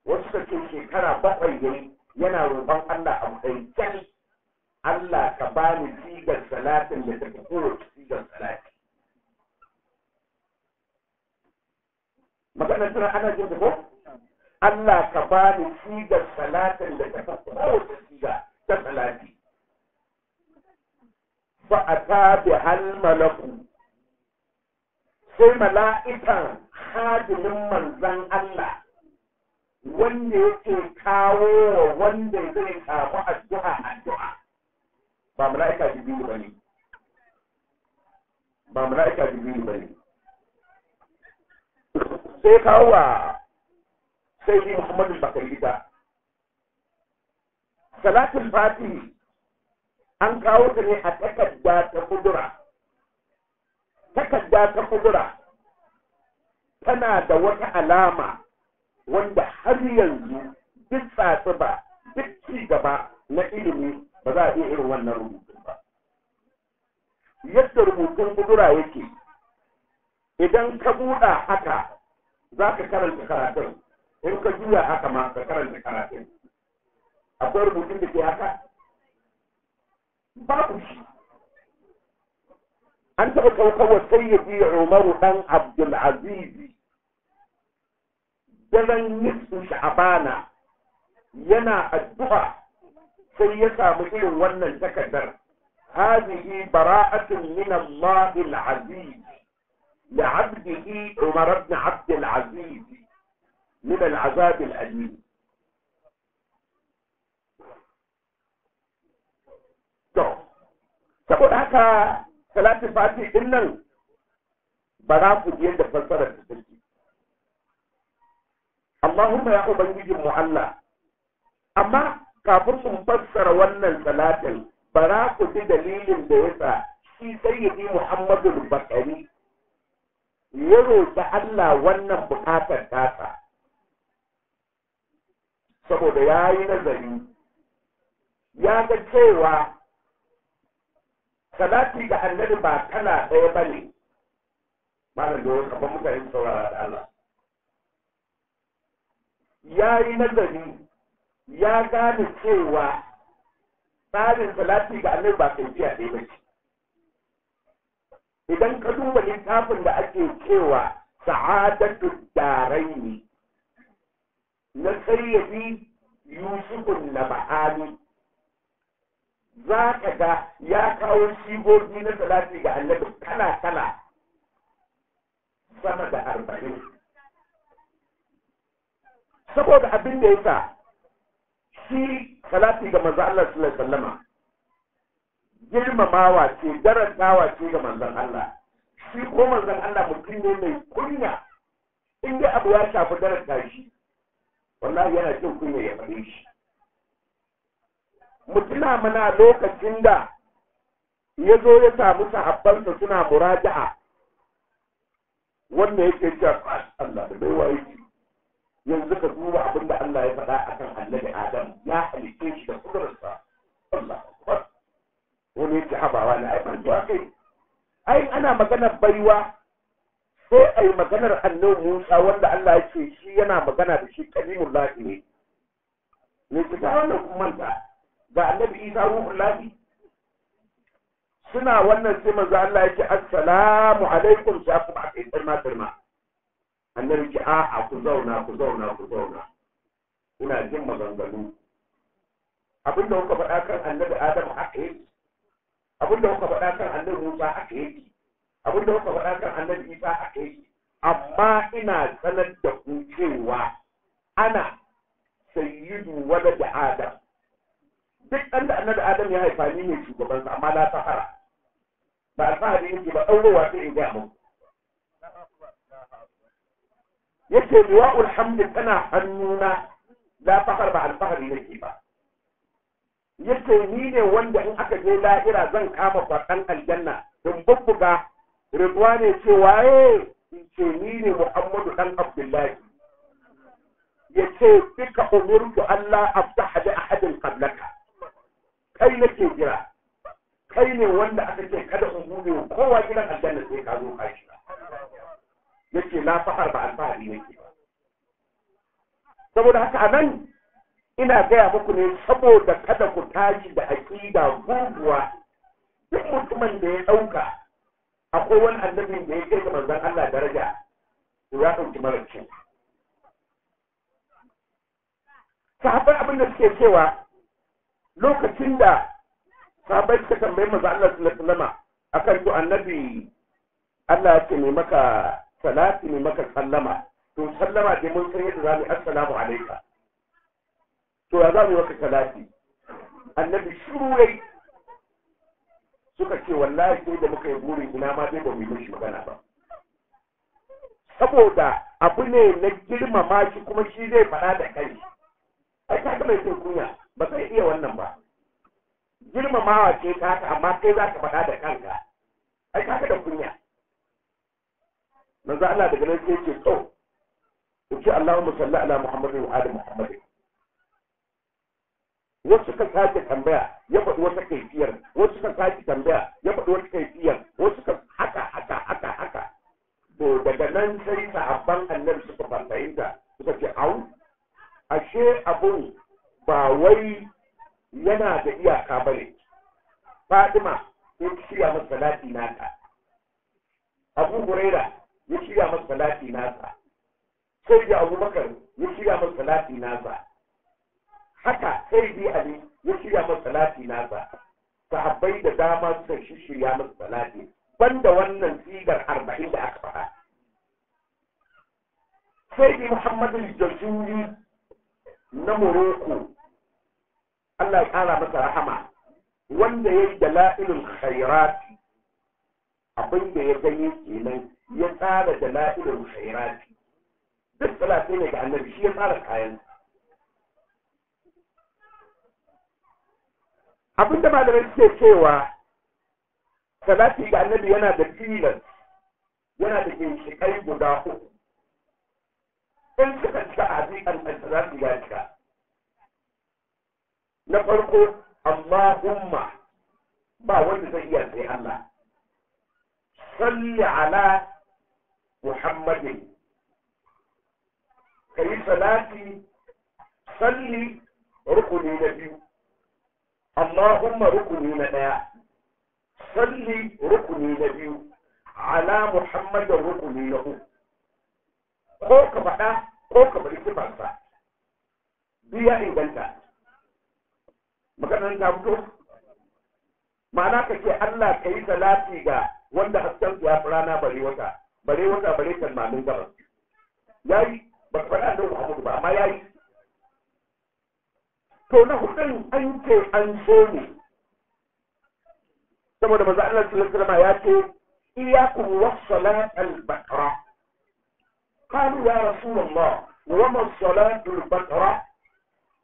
wasu ka shekara bakwai yayi yana roƙon Allah a matsayin Allah ka bani sigar salatin da tafi kowace sigar salati maganar suna ana jin ko Allah ka bani sigar salatin da tafi kowace siga ta salati fa ata bi hal malaku sai mala'ikan hadimin manzan Allah wanda yake kawo wa wanda zai samu addu'a addu'a ba mala'ika jibrilu bane ba mala'ika jibrilu bane sai kawo wa sai ni muhammadu gida. salatin fati an kawo ta ne a takadda ta kudura takarda ta kudura tana da wata alama wanda har yanzu duk ba duk ci gaba na ilimi ba za a iya irin wannan rubutun ba yadda rubutun kudura yake idan ka buɗa haka za ka karanta karatun in ka juya haka ma ka karanta karatun akwai rubutun da ke haka babu shi an taɓa sai ya sayyidi umaru ɗan Aziz zan yi shi a bana yana addu'a sai ya samu irin wannan takardar hadihi bara'atun min Allah al-aziz li 'abdihi Umar ibn Abd al-Aziz min al to saboda haka salatu fati din nan ba za ku je da fassarar da take Allahumma ya ubangijin mu Allah amma kafin sun fassara wannan salatin bara ku ji dalilin da yasa shi sayyidi Muhammadu Bakari ya roƙi Allah wannan buƙatar tasa saboda ya yi nazari ya ga cewa salati ga annabi ba kana ɗaya ba ne malam da wasu abin mutane saurara da Allah ya yi nazari ya gane cewa tsarin salati ga annabi ba kai fiya ɗaya ba idan ka duba littafin da ake cewa sa'adatu ne na sayyafi yusufun na ba'ani za ka ga ya kawo shigogi na salati ga annabi kala-kala sama da arba'in saboda abin da yasa shi salati ga manzon Allah sallallahu alaihi wasallama girmamawa ce darantawa ce ga manzon Allah shi ko manzon Allah mutum ne mai kunya in dai abu ya shafi garanta shi wallahi yana jin kunya ya faɗi shi mutuna mana lokacin da ya zo ya samu sahabbansa suna muraja'a wannan yake cewa Allah da bai waye yanzu ka duba abin da Allah ya faɗa akan annabi Adam ya halitta shi da kudurarsa Allah akbar wani yake habawa na ai zuwa kai ai ana maganar baiwa sai ai maganar annabi Musa wanda Allah ya ce shi yana magana da shi lafi ne ne ki ta wannan kuma manta ga annabi Isa lafi. suna wannan sai manzo Allah ya ce assalamu alaikum sha kuma a kai tsirma tsirma annabi ki a'a ku zauna ku zauna ku zauna ina jin maganganu abin da kuka faɗa kan annabi adam haka yake abin da kuka faɗa kan annabi musa haka yake abin da kuka faɗa kan annabi isa haka yake amma ina sanar da ku cewa ana sayyidu wala da adam duk ɗan da annabi adam ya haifa ni ne sa amma na sahara ba alfahari yake ba ɗaurowa sai in gaya muku yake liwa'ul ulhamdu tana hannuna la fakar ba alfahari nake ba yake ni ne wanda in aka je la'ira zan kama bakan aljanna in bubbuga ridwa ne ce waye in ce ni ne muhammadu dan abdullahi ya ce bika umurtu allah abtaha da ahadin qablaka kai nake jira kai ne wanda aka ce kada in bude kowa gidan aljanna sai ka zo kashi yake lafahar ba alfahari yake ba saboda haka nan ina gaya muku ne saboda kada ku tashi da aƙida guguwa duk mutumin da ya ɗauka a wani annabin da ya kai ga manzon Allah daraja to ya ɗauki mara ce sahabbai abin da suke cewa lokacin da sahabbai suka tambayi manzon Allah sallallahu alaihi wasallam akan to annabi Allah ya ce mai maka salati ne maka sallama to sallama dai mun san yadda zamu assalamu alayka to ya zamu maka salati annabi shiru yayi suka ce wallahi ko da muka yi buri ina ma dai ba mu yi mishi magana ba saboda abu ne na girmama shi kuma shi zai fara da kai ai ka mai sai kunya ba zai iya wannan ba girmamawa ce ta amma kai za ka fara da kanka ai ka da kunya manzo Allah daga nan sai ce to ce Allahumma salli ala Muhammadin wa ali Muhammadin wasu ka sake tambaya ya faɗi wata kaifiyar wasu ka sake tambaya ya faɗi wata kaifiyar wasu ka haka haka haka haka to daga nan sai abban annabi suka fahimta suka ce au ashe abun ba wai yana da iyaka ne. Fatima sai ta shirya masa salati naka Abu Huraira ya shirya masa salati nasa sai da abubakar ya shirya masa salati nasa haka sai da ali ya shirya masa salati nasa sahabbai da dama suka shirya masa salati banda wannan sigar arba'in da aka faɗa sai da muhammadu jazuri na morocco Allah ya ƙara masa rahama wanda ya yi da la'ilin khairati abin da ya gani kenan ya tsara da jala'ilar mushairati duk salatai ne ga annabi shi ya tsara kayan abin da malamai suke cewa salati ga annabi yana da filan yana da ginshikai guda uku in suka cika a zikan salati ya cika na farko amma Allahumma ba wanda zai iya sai Allah salli ala muhammadin ka yi salati salli rukuni na biyu allahumma rukuni na ɗaya salli rukuni na biyu ala muhammadin rukuni na uku ko ka faɗa ko ka bari sifarsa duk ya inganta maganar ta ma'ana ka ce Allah ka yi salati ga wanda hasken ya fi rana bari wata bare wata bare kalmanin gaba yayi ba ka da Muhammadu ba amma yayi to na hudun an ce an so ne saboda manzo Allah sallallahu alaihi wasallam ya ce iyyakum was-salat al-baqra qalu ya rasulullah wa ma as baqra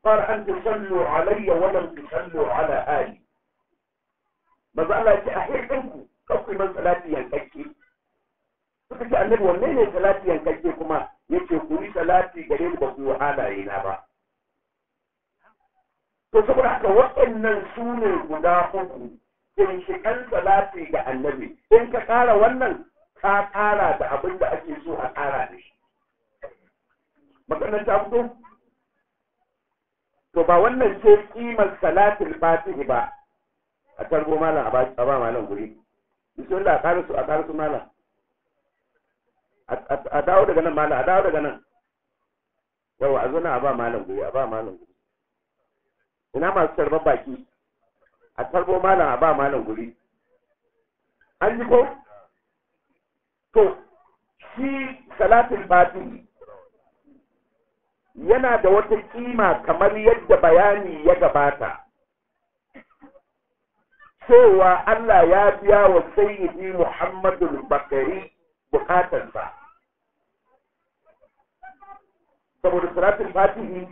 قال أن تصلوا علي ولم تصلوا على آلي. ما زال أحيي عنكم كفي من ينكشف suka ce annabi wanne ne salati yankake kuma ya ce ku yi salati gare ni ba ku yi yi na ba to saboda haka waɗannan su ne guda uku ginshiƙan salati ga annabi in ka ƙara wannan ka ƙara da abin da ake so a ƙara da shi maganar ta fito to ba wannan ce kimar salatin fatihi ba a tarbo malam a ba malam guri bismillah a ƙara su a ƙara su malam a dawo daga nan malam a dawo daga nan yawa a zo nan a ba malam guri a ba malam guri ina masu tarbar baki a tarbo malam a ba malam guri an yi ko to shi salatin fati yana da wata kima kamar yadda bayani ya gabata cewa Allah ya biya wa sayyidi Muhammadul Bakari sa, saboda salatin fatihi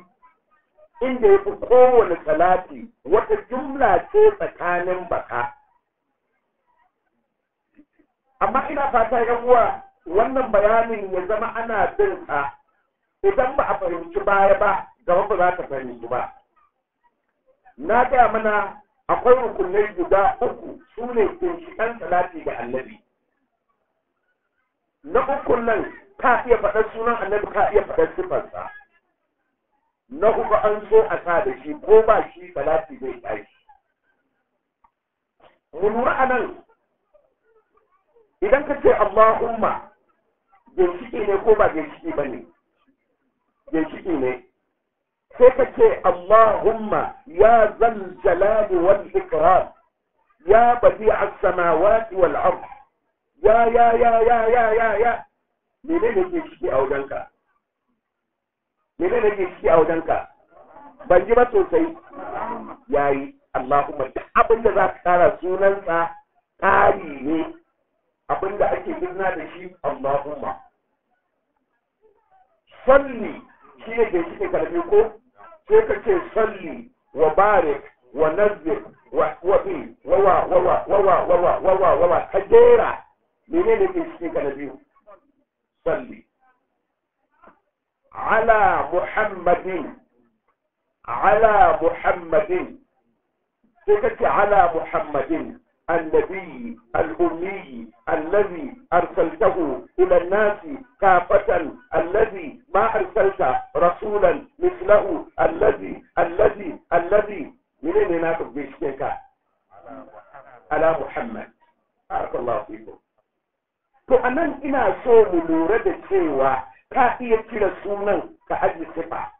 inda ya fi kowane salati wata jumla ce tsakanin baka amma ina fata yan uwa wannan bayanin ya zama ana bin ka idan ba a fahimci baya ba gaba ba za ta fahimci ba na ga mana akwai rukunai guda uku sune su ne salati da annabi na ukun nan ka iya faɗar sunan annabi ka iya faɗar sifarsa na uku an so a sa da shi ko ba shi salati zai tsaye mu lura a nan idan ka ce Allahumma ginshiki ne ko ba ginshiki ba ne ginshiki ne sai ka ce Allahumma ya zan jalali wal ikram ya bazi a samawati wal ardh ya ya ya ya ya ya ya mene ne ke ciki a wajenka mene ne ke ciki a wajenka ban ji ba sosai yayi Allahumma duk abin da za ka kara sunansa kari ne abin da ake birna da shi Allahumma salli shi ne ke shi ne karfi ko sai ka ce salli wa barik wa nazir wa wa wa wa wa wa wa wa wa wa wa wa wa wa mene ne ke cikin ka na biyu salli ala muhammadin ala muhammadin sai kace ala muhammadin النبي الأمي الذي أرسلته إلى الناس كافة الذي ما أرسلت رسولا مثله الذي الذي الذي من أين ناخذ بيشتكى على محمد بارك الله فيكم to a nan ina so mu lura da cewa ka iya kira sunan ka haji sifa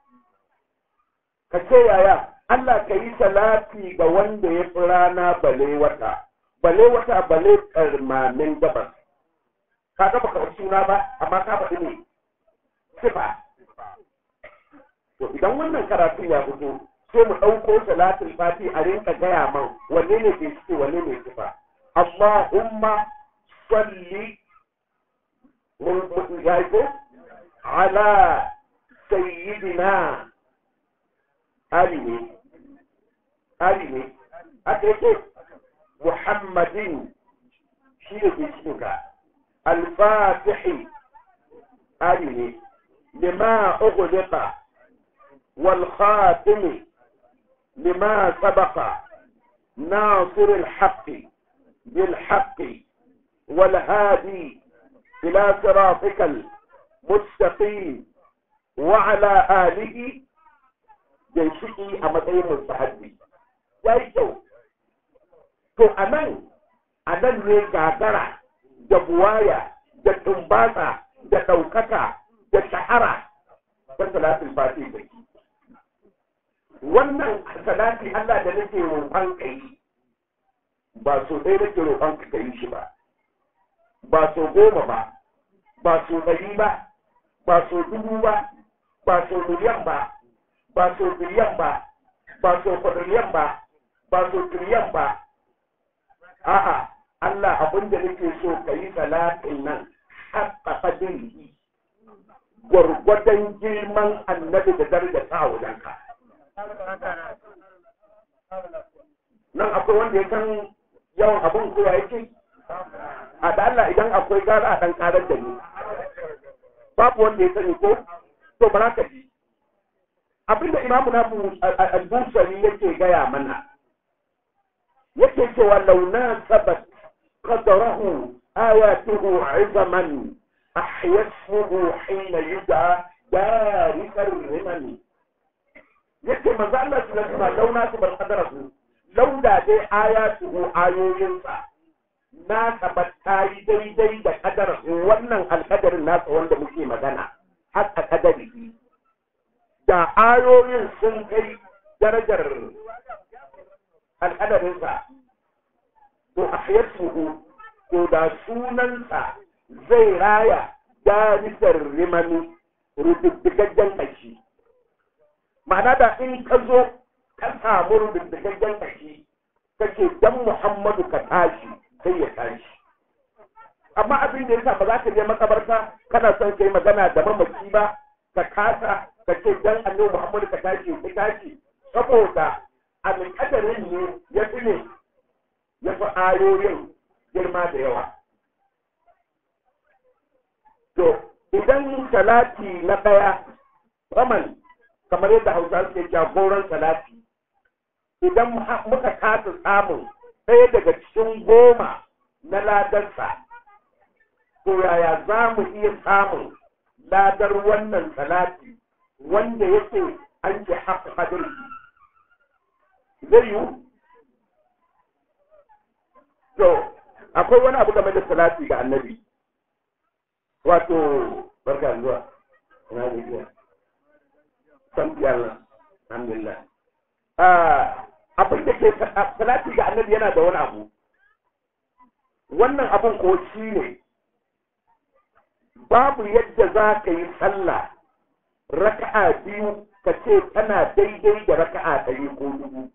ka ce yaya Allah ka yi salati ga wanda ya fi rana bale wata bale wata bale karmamin gabas ka ga baka suna ba amma ka faɗi ne sifa to idan wannan karatu ya fito sai mu ɗauko salatin fati a rinka gaya man wanne ne ke ciki wanne ne sifa umma salli mun yayi ko ala sayyidina ali ne ali ne a yake muhammadin shi ne ke cikin ka alfatihi ali ne lima ughliqa wal khatimi lima sabaqa ناصر الحق بالحق والهادي إلى صراطك المستقيم وعلى آله ginshiƙi a matsayin mustahabbi ya yi kyau to a nan a nan ne gagara da buwaya da tumbatsa da ɗaukaka da shahara ta salatin fati da wannan salati Allah da nake roƙon kai ba so ɗaya nake roƙon yi shi ba ba so goma ba ba so ɗari ba ba so dubu ba ba so miliyan ba ba so biliyan ba ba so kwadriyan ba ba so tiriyan ba a'a Allah abin da nake so ka yi talatin nan haƙa fadin yi gwargwadon girman annabi da daraja ta wajenka nan akwai wanda ya san yawan abin kowa yake a da Allah idan akwai gara a ɗan karar da ni babu wanda ya sani ko to ba ka ji abinda imamu na al-busari yake gaya mana yake cewa launa sabat qadarahu ayatuhu izaman ahyasuhu hina yuda darikar rimani yake manzo Allah su alaihi wasallam launa sabat qadarahu launa dai ayatuhu ayoyinsa na taɓa tayi daidai da kadar wannan alkadarin nasa wanda muke magana haka kadari da ayoyin sun kai darajar alkadarinsa to a hayatuhu ko da sunansa zai raya darajar rimani rubutugaggen kashi ma'ana da in ka zo ka samu rubutugaggen kashi kake dan muhammadu ka tashi sai ya tashi amma abin da yasa ba za ka je makabarta kana son kai magana da mamaki ba ka kasa ka ce dan annabi Muhammadu ka tashi ka tashi saboda kadarin ne ya fi ne ya fi ayoyin girma da yawa to idan salati na ɗaya saman kamar yadda hausa suke jagoran salati idan muka kasa samun ɗaya daga cikin goma na ladarsa ko yaya za mu iya samun ladar wannan salati wanda yake an ji haka hadari. zai yiwu to akwai wani abu game da salati ga annabi wato barka zuwa na zuwa. san biyar alhamdulillah ah, abin da ke salati ga annabi yana da wani abu wannan abin ko shi ne babu yadda za ka yi sallah raka'a biyu ka ce tana daidai da raka'a yi ko dubu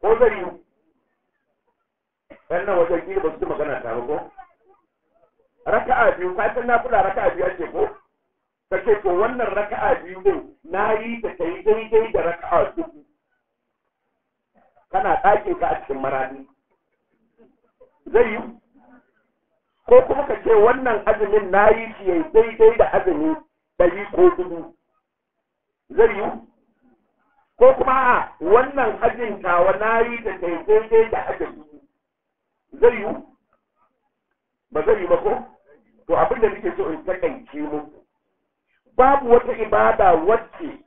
ko zai yi wannan wajen ƙila ba su magana ta ko raka'a biyu ka san na kula raka'a biyu ake ko ka ce to wannan raka'a biyu ne na yi da ta yi daidai da raka'a dubu kana ɗakin ka a cikin marani zai yi ko kuma ka ce wannan azumin na yi shi daidai da azumi ɗari ko dubu zai yi ko kuma a wannan ajin tawa na yi da daidai da azumi zai yi ba zai yi ba ko to abin da nake so in takaice mu babu wata ibada wacce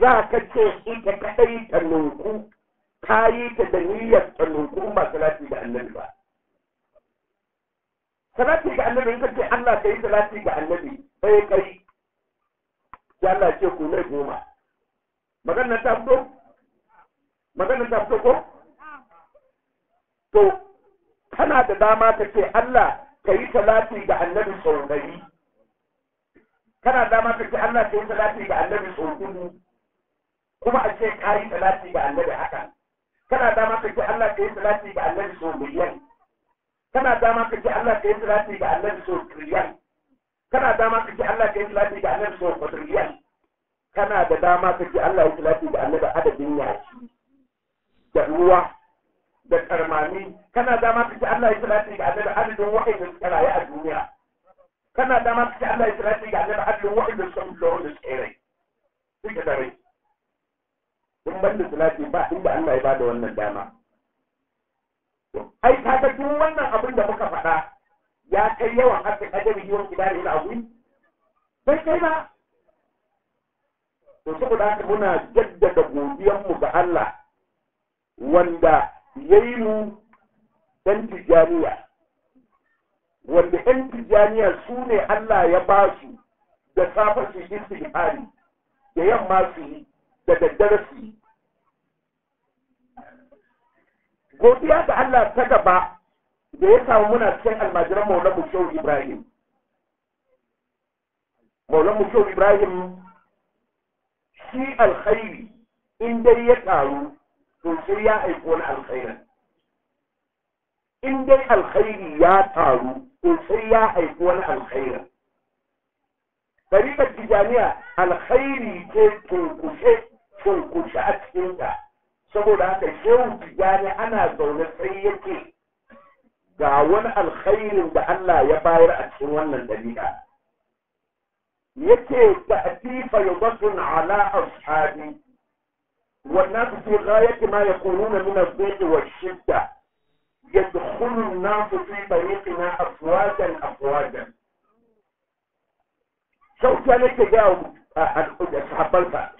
za ka ce ita kadai ta ninku ta yi ta da niyyar tsanin ko ba salati ga annabi ba salati ga annabi in kace Allah yi salati ga annabi sai kai ya Allah ce ku mai goma Maganar ta fito Maganar ta fito ko to kana da dama ta ce Allah yi salati ga annabi sau dari kana dama ta ce Allah yi salati ga annabi sau kuma a ce yi salati ga annabi haka kana dama ka ji Allah ka yi salati ga annabi so miliyan kana dama ka ji Allah ka yi salati ga annabi so triliyan kana dama ka ji Allah ka yi salati ga annabi so quadrillion kana da dama ka ji Allah ya yi salati ga annabi adadin yaki da ruwa da karmami kana dama ka ji Allah ya yi salati ga annabi adadin wahayi da suka rayu a duniya kana dama ka ji Allah ya yi salati ga annabi adadin wahayi da suka rayu da suka rayu in ban da ba inda Allah ya bada wannan dama ai kaga duk wannan abin da muka faɗa ya kai yawan haka kajabi yiwon kidari ila abu bai kai ba to saboda haka muna jaddada godiyar mu ga Allah wanda yayi mu dan tijaniya wanda ɗan tijaniya su ne Allah ya ba su da safar su istighfari da yamma su yi da daddare su yi godiya da Allah ta gaba da ya samu muna cikin almajiran maulan mushau ibrahim maulan mushau ibrahim shi alkhairi in dai ya taru to sai ya aiko wani alkhairi in dai alkhairi ya taru to sai ya aiko wani alkhairi tariƙar tijaniya alkhairi ce tunkushe kunkushi a cikinta saboda haka shehu gane ana zaune sai yake ga wani alkhairin da Allah ya bayar a cikin wannan dabi'a yake ta'tifa yubasun ala ashabi والناس في غاية ما يكونون من الضيق والشدة يدخل الناس في طريقنا أفواجا أفواجا شو كان يتجاوب الحجة صحبالك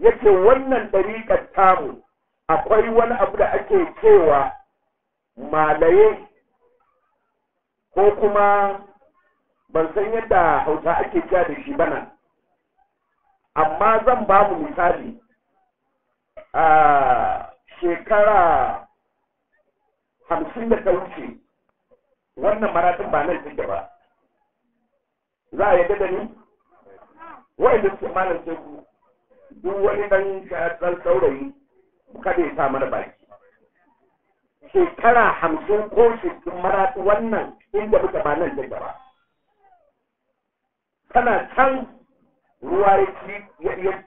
yake wannan ɗariƙar tamu akwai wani abu da ake cewa malaye ko kuma ban san yadda hauta ake kya da shi bana amma zan ba mu misali a shekara hamsin da ta wuce wannan maratun ba nan cikin ba za a yi da ni wa'inda suke malam duk wani dan saurayi kaɗe ya sa mana baki shekara hamsin ko shekarun mara wannan inda muka ba nan da gaba tana can ruwa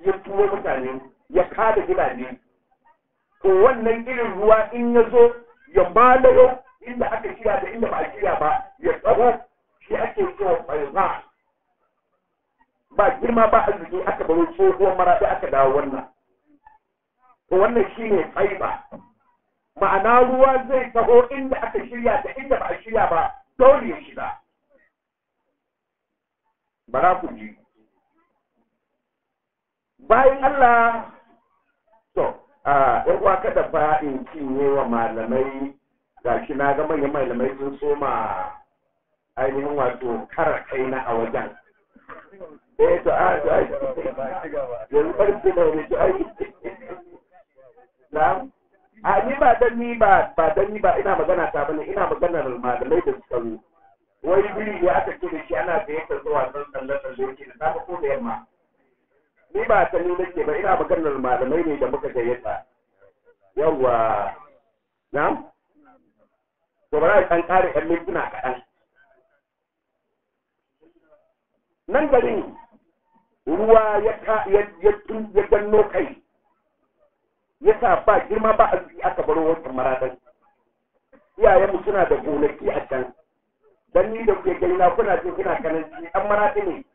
ya tuwo mutane ya kada gidaje Ko wannan irin ruwa in ya zo ya malayo inda aka kira da inda ba a ba ya tsaro shi ake bai ƙwarza ba girma ba arziki aka baro tsohuwar maraɗi aka dawo wannan to wannan shi tsai ba, ma'ana ruwa zai taho inda aka shirya ta inda ba a shirya ba dole ya shiga bara ku ji bayan Allah to a yan kada ba in cinye wa malamai gashi na ga manyan malamai sun soma ainihin wato kara kaina a wajen eh to a ah, to ai yanzu farin ciki ne to ai na'am a ni ba dan ni ba ba dan ni ba ina magana ta bane ina magana da malamai da suka zo wai biyu ya aka ce da shi ana da yake zuwa nan tsalle tsalle yake da safe ko da yamma ni ba ta ni nake ba ina magana da malamai ne da muka gayyata yawwa na'am to bara kan kare ɗan mintuna kaɗan nan gari ruwa ya ganno kai ya sa ba girma ba a arziki aka baro wancan maradan iyayenmu suna da gonaki a can dan ni da ke gani kuna ce kuna kanan dan maradi ne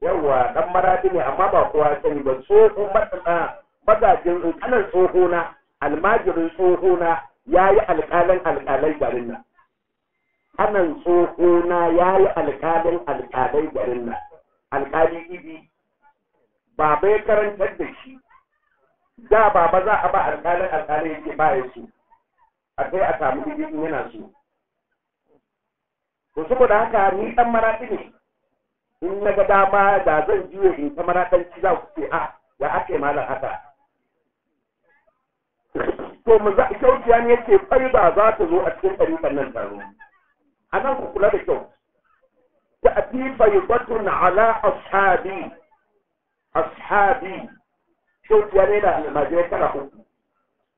yawa dan maradi ne amma ba kowa sani ba tsoho matsala magajin kanan tsoho na almajirin tsoho na yayi alƙalan alƙalan garin nan kanan tsohona ya yi alƙalin alƙalai garin nan alƙali ibi ba bai karantar da shi da ba ba za a ba alƙalin alƙalai yake ba ya so a kai a samu ibi in yana so to saboda haka ni dan maraɗi ne in na ga dama da zan juye in ta maraɗanci za ku ce a ah, ya ake malam haka to mu za kyauciya ne yake fari ba za ta zo a cikin ɗari nan taro anan ku kula da kyau ta atifa yi batun ala ashabi ashabi shauki ya da almajirai kala uku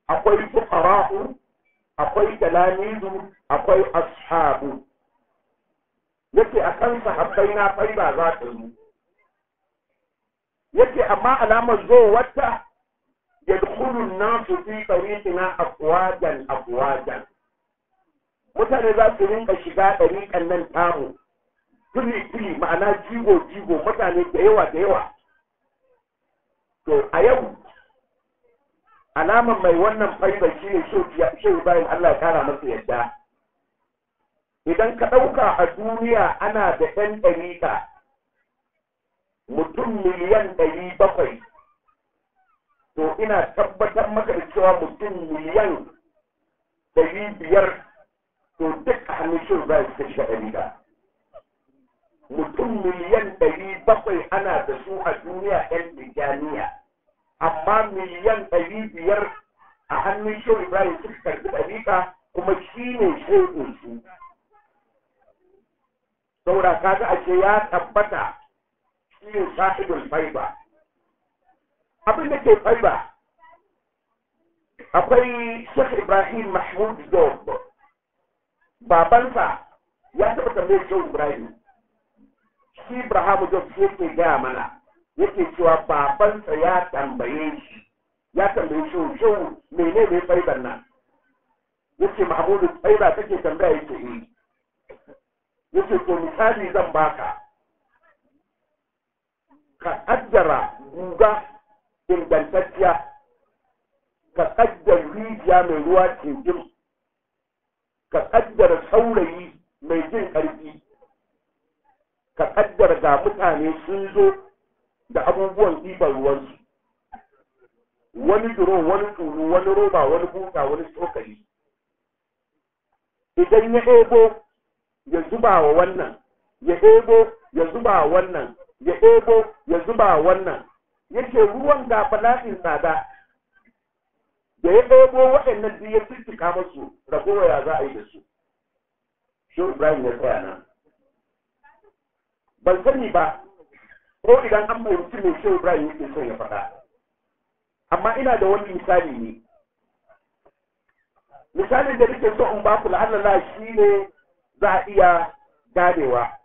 akwai fuqara'u akwai talamizu akwai ashabu yake a kan sahabbai na fai ba za ta yi yake amma alamar zo wata yadkhulu an-nasu fi tariqina afwajan afwajan mutane za su rinka shiga ɗariƙan nan tamu fili-fili ma'ana jigo-jigo mutane da yawa da yawa to a yau alaman mai wannan faifai shi ne shi bayan Allah ya kara masa yadda idan ka ɗauka a duniya ana da ɗan ɗariƙa mutum miliyan ɗari bakwai to ina tabbatar maka da cewa mutum miliyan ɗari biyar to duka hannun shi za su kashe ɗari da mutum miliyan ɗari bakwai ana da su a duniya ɗan tijjaniya amma miliyan ɗari biyar a hannun shirin za su karɓi ɗari kuma shi ne shaidun su saboda kaga ashe ya tabbata shi ne sa'idul faiba abin da ke faiba akwai Sheikh Ibrahim Mahmud Zobo babansa ya taɓa tambayar shehu ibrahim shi ibrahimu shi yake gaya mana yake cewa babansa ya tambaye shi ya tambaye shi shehu mene ne faidan nan yake mahmudu faida take tambaya yake yi eh. yake to misali zan baka ka kaddara guga ingantacciya ka kaddara rijiya mai ruwa cikin ka kaddara saurayi mai jin ƙarfi ka kaddara ga mutane sun zo da abubuwan ɗiban ruwansu wani duro wani wani roba wani buka wani tsokali idan ya ebo ya zuba wa wannan ya ebo ya zuba wa wannan ya ebo ya zuba wa wannan yake ruwan ga bala'in tsada da ya ɗebo waɗannan duk ya fitika masu ragowa ya za a yi da su shi ibrahim ya tsaya nan ban sani ba ko idan an mutum ne shi ibrahim yake son ya faɗa amma ina da wani misali ne misalin da nake so in baku la'alala shi ne za a iya ganewa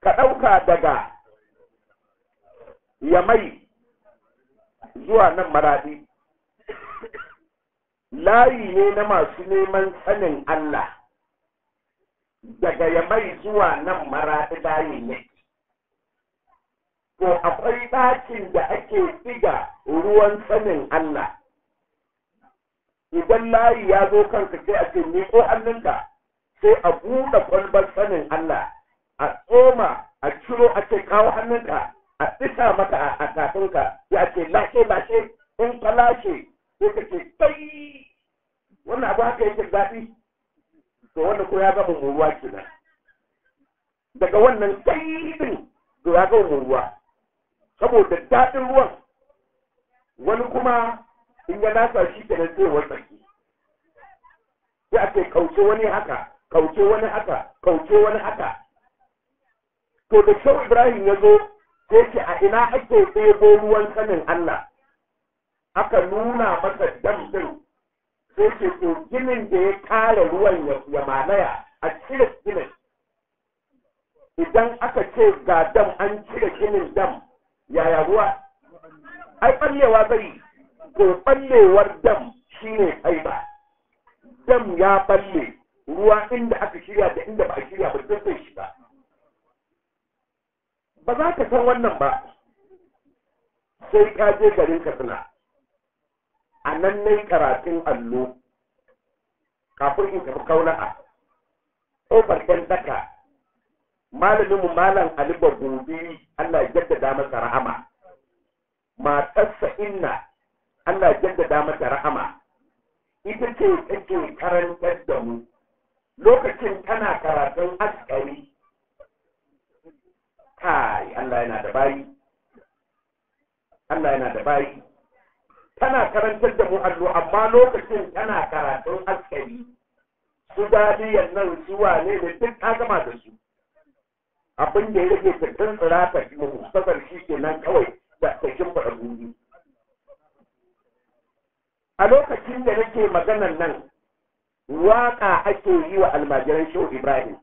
ka ɗauka daga yamai zuwa nan maradi layi ne na masu neman sanin Allah daga yamai zuwa nan maraɗi layi ne. To akwai ɗakin da ake siga ruwan sanin Allah. Idan layi ya zo kanka sai a ce ni ko hannunka sai a buɗe kwalbar sanin Allah a tsoma a ciro a ce kawo hannunka a tsita maka a kafinka ya ce lashe lashe in ka lashe sai ka ce sai wannan abu haka yake zaɓi, to wanda ko ya gaba mu ruwa kenan daga wannan sai din to ya gaba mu ruwa saboda daɗin ruwan wani kuma in ya nasa shi kenan sai wani tsaki sai a ce kauce wani haka kauce wani haka kauce wani haka to da shau ibrahim ya zo sai ce a ina ake ɗebo ruwan sanin allah aka nuna masa dam din sai ce to ginin da ya kare ruwan ya malaya a cire ginin idan aka ce ga dam an cire ginin dam yaya ruwa ai ɓallewa zai to ɓallewar dam shine kai ba dam ya ɓalle ruwa inda aka shirya da inda ba a shirya ba sai zai shiga ba za ka san wannan ba sai ka je garin katsina a nan nai karatun allo kafin in tafi kauna'a ƙofar ɗan daka malaminmu malam ali gobe allah jaddada masa rahama matarsa inna allah jaddada masa rahama ita ce take karantar da mu lokacin tana karatun askari kai allah yana da bayi allah yana da bayi tana karantar da allo amma lokacin tana karatun askari su dadi yannan zuwa ne da duk ta gama da su abin da ya rage ta tsira ta shi ke nan kawai da ta a gudu a lokacin da nake maganar nan waka ake yi wa almajiran shehu ibrahim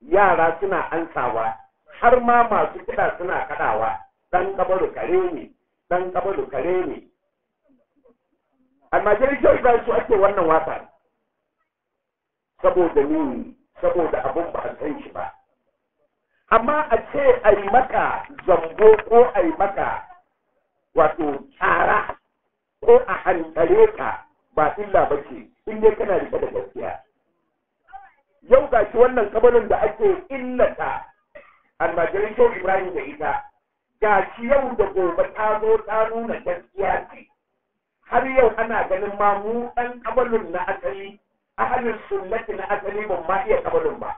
yara suna ansawa har ma masu kiɗa suna kaɗawa dan kabaru kare ne dan kabaru kare ne almajirin shi ba su ake wannan waka saboda ni saboda abun ba a san shi ba amma a ce a yi maka zambo ko a yi maka wato tsara ko a hankale ka ba illa ba ce in dai kana da da gaskiya yau ga shi wannan kabalin da ake illata almajirin shi ibrahim da ita ga shi yau da gobe ta zo ta nuna gaskiya ce har yau ana ganin ma mu ɗan ƙabalun na asali ahalin sunnati na asali ban ma iya ƙabalun ba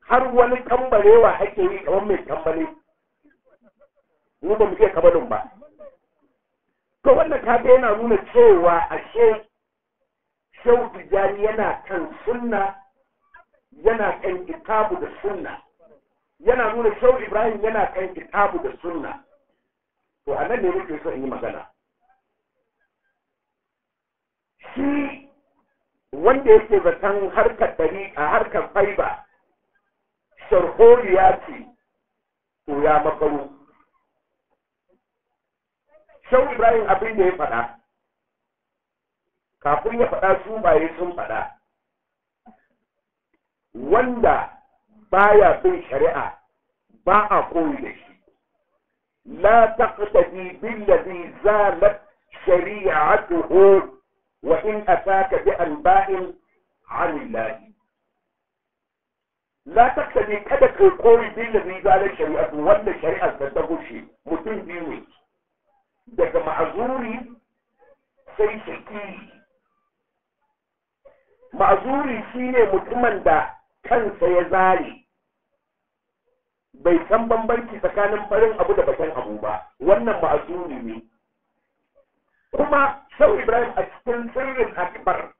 har wani tambarewa ake yi kamar mai tambare mu ba mu iya ƙabalun ba to wannan kaga yana nuna cewa ashe shehu tijjani yana kan sunna yana kan kitabu da sunna yana nuna shehu ibrahim yana kan kitabu da sunna to anan ne nake so in yi magana shi wanda yake zaton harkar ɗari a harkar faiba sharhoriya ce to ya makaru shau ibrahim abin da ya faɗa kafin ya faɗa su baye sun faɗa wanda baya bin shari'a ba a koyi da shi la taqtadi billazi zalat shari'atuhu وإن أتاك بأنباء عن الله لا تقتدي kada kai koyi الذي da الشريعة ولا الشريعة wanda shari'ar ta ta دك mutum biyu ne daga ma'azuri sai كان سيزالي shine mutumin da kansa ya zare bai san bambanci tsakanin farin abu da bakin abu ba wannan ma'azuri ne kuma sau ibrahim a cikin sirrin akbar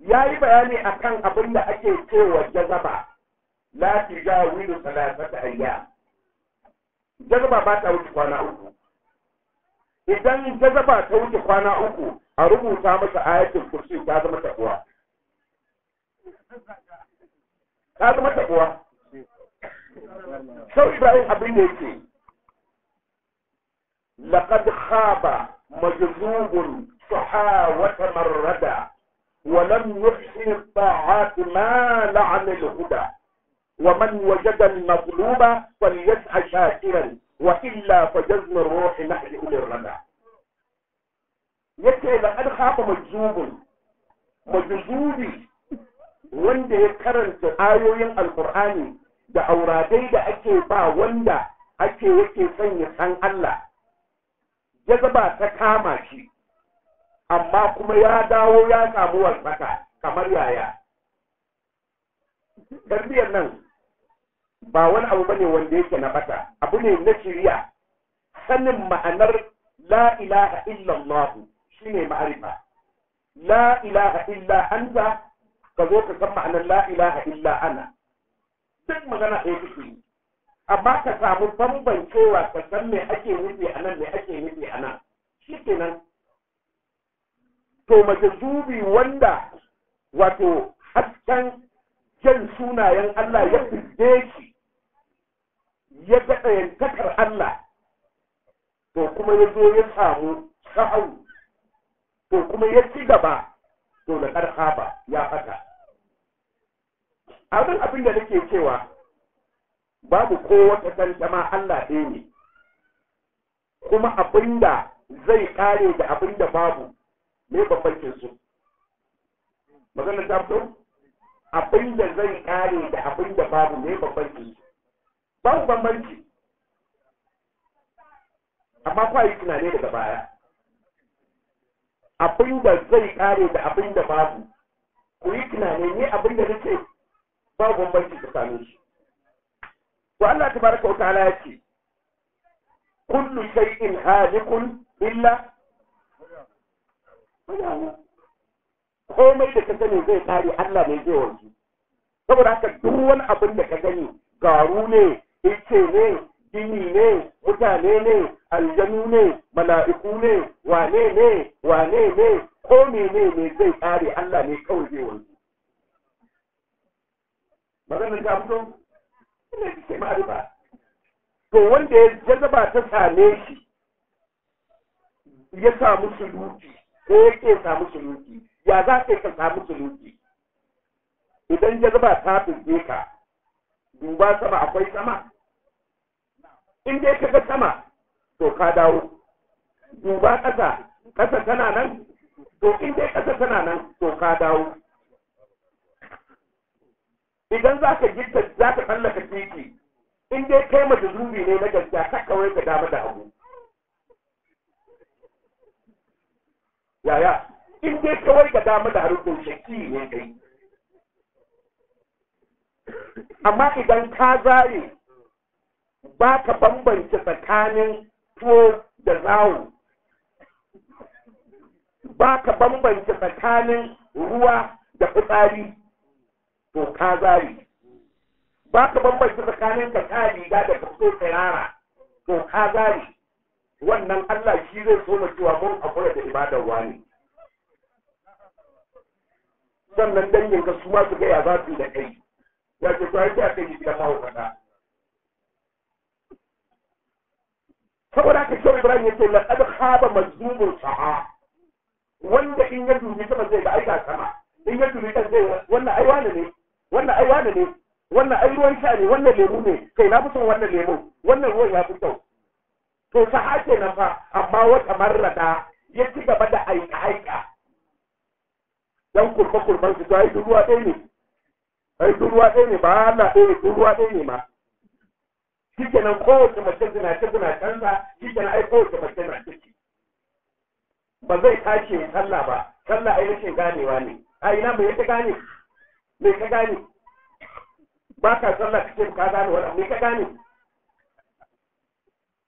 ya yi bayani akan abin da ake cewa jazaba la tujawizu salasata ayya. jazaba ba ta wuce kwana uku idan jazaba ta wuce kwana uku a rubuta masa ayatul kursi ta zama tabuwa ta zama tabuwa sau ibrahim abin da yake لقد خاب مجذوب سحاوة من ردى ولم يحسن الطاعات ما لعن الهدى ومن وجد المظلوم فليسعى شاكرا والا فجزم الروح نحن أولي الردى yake da an haɓa majzubin majzubi wanda ya karanta ayoyin alkur'ani da auradai da ake ba wanda ake yake sanya ya san Allah ya zaba ta kama shi amma kuma ya dawo ya samu wasaka kamar yaya tarbiyyar nan ba wani abu bane wanda yake na bata abu ne na shirya sanin ma'anar la ilaha illallah shine ma'arifa la ilaha illa anta ka zo ka san ma'anar la ilaha illa ana duk magana ɗaya yi amma ka samu bambancewa ka san me ake nufi a nan me ake nufi a nan shi kenan to mace zubi wanda wato hasken jan sunayen Allah ya fide shi ya ga ɗayantakar Allah to kuma ya zo ya samu sa'au to kuma ya ci gaba to da ƙarfa ba ya fata abin abin da nake cewa babu ko wata tantama Allah ɗaya ne kuma abinda zai kare da abinda babu ne bambancin su maganar ta fito abinda zai kare da abinda babu ne bambancin su babu bambanci amma kwa yi ne daga baya abinda zai kare da abinda babu ku yi tunane ne abinda nake babu bambanci tsakanin su Wa Allah Ta wa ta'ala ya ce kullu shay'in halikun illa komai da ka sani zai tare Allah ne zai wanzu saboda haka duk wani abin da ka gani garu ne ice ne gini ne mutane ne aljanu ne mala'iku ne wane ne wane ne ko mene ne zai tare Allah mai kawai zai wanzu maganin ta fito ne take ma'arifa to wanda ya jazaba ta same shi ya samu suluki ko ke samu suluki ya za ka ka samu suluki idan jazaba ta fizge ka duba sama akwai sama in dai ka ga sama to ka dawo duba ƙasa ƙasa tana nan to in dai ƙasa tana nan to ka dawo idan za ka gita za ka tsallaka titi in dai kai mace zuri ne na gaskiya ta kawai ka dama da hagu yaya in dai kawai ka dama da harkar shakki ne kai amma idan ka zare ba ka bambance tsakanin tuwo da zawo ba ka bambance tsakanin ruwa da fitsari Ko ka zari ba ka bambanci tsakanin ka ta riga da fito tsirara to ka zari wannan Allah shi zai so mu cewa mun akwai da ibadar wani sannan dangin ka su ma su gaya za su da kai ya ce sai ta kai da mawa kada saboda ka shi Ibrahim ya yake laqad khaba mazlumun sa'a wanda in ya dubi sama zai ga aika sama in ya dubi kan zai wannan ai wani ne wannan ai wani ne wannan ai ruwan sha ne wannan lemu ne kai na fi son wannan lemu wannan ruwan ya fi kyau to hake na fa amma wata marrata ya ci gaba da aika aika dan kurba kurban su ai duk ruwa ɗaya ne ai duk ruwa ɗaya ne ba Allah ɗaya ne duk ruwa ɗaya ne ma shikenan kowace mace zina ta zina canza shikenan ai kowace mace na ciki ba zai tashi sallah ba sallah ai rashin ganewa ne a ina bai ta gane me ka gane ba ka sallah cikin ka gane wala me ka gane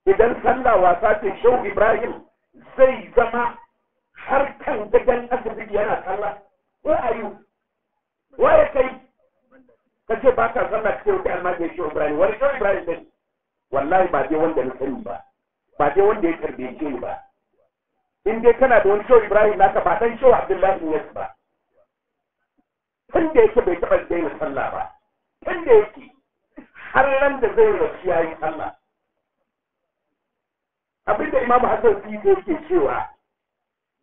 idan sallah wasa ce shau ibrahim zai zama har kan dagan asibiti yana sallah where ayu you kai ka ce ba ka sallah ka wuce almajin shau ibrahim wani shau ibrahim ne wallahi ba dai wanda na sani ba ba dai wanda ya karbe ni ba in dai kana da wani shau ibrahim naka ba dan shau abdullahi ne ba tun da yake bai taɓa daina sallah ba tun da yake har nan da zai rasu ya yi sallah abinda imamu hassan fiye ke cewa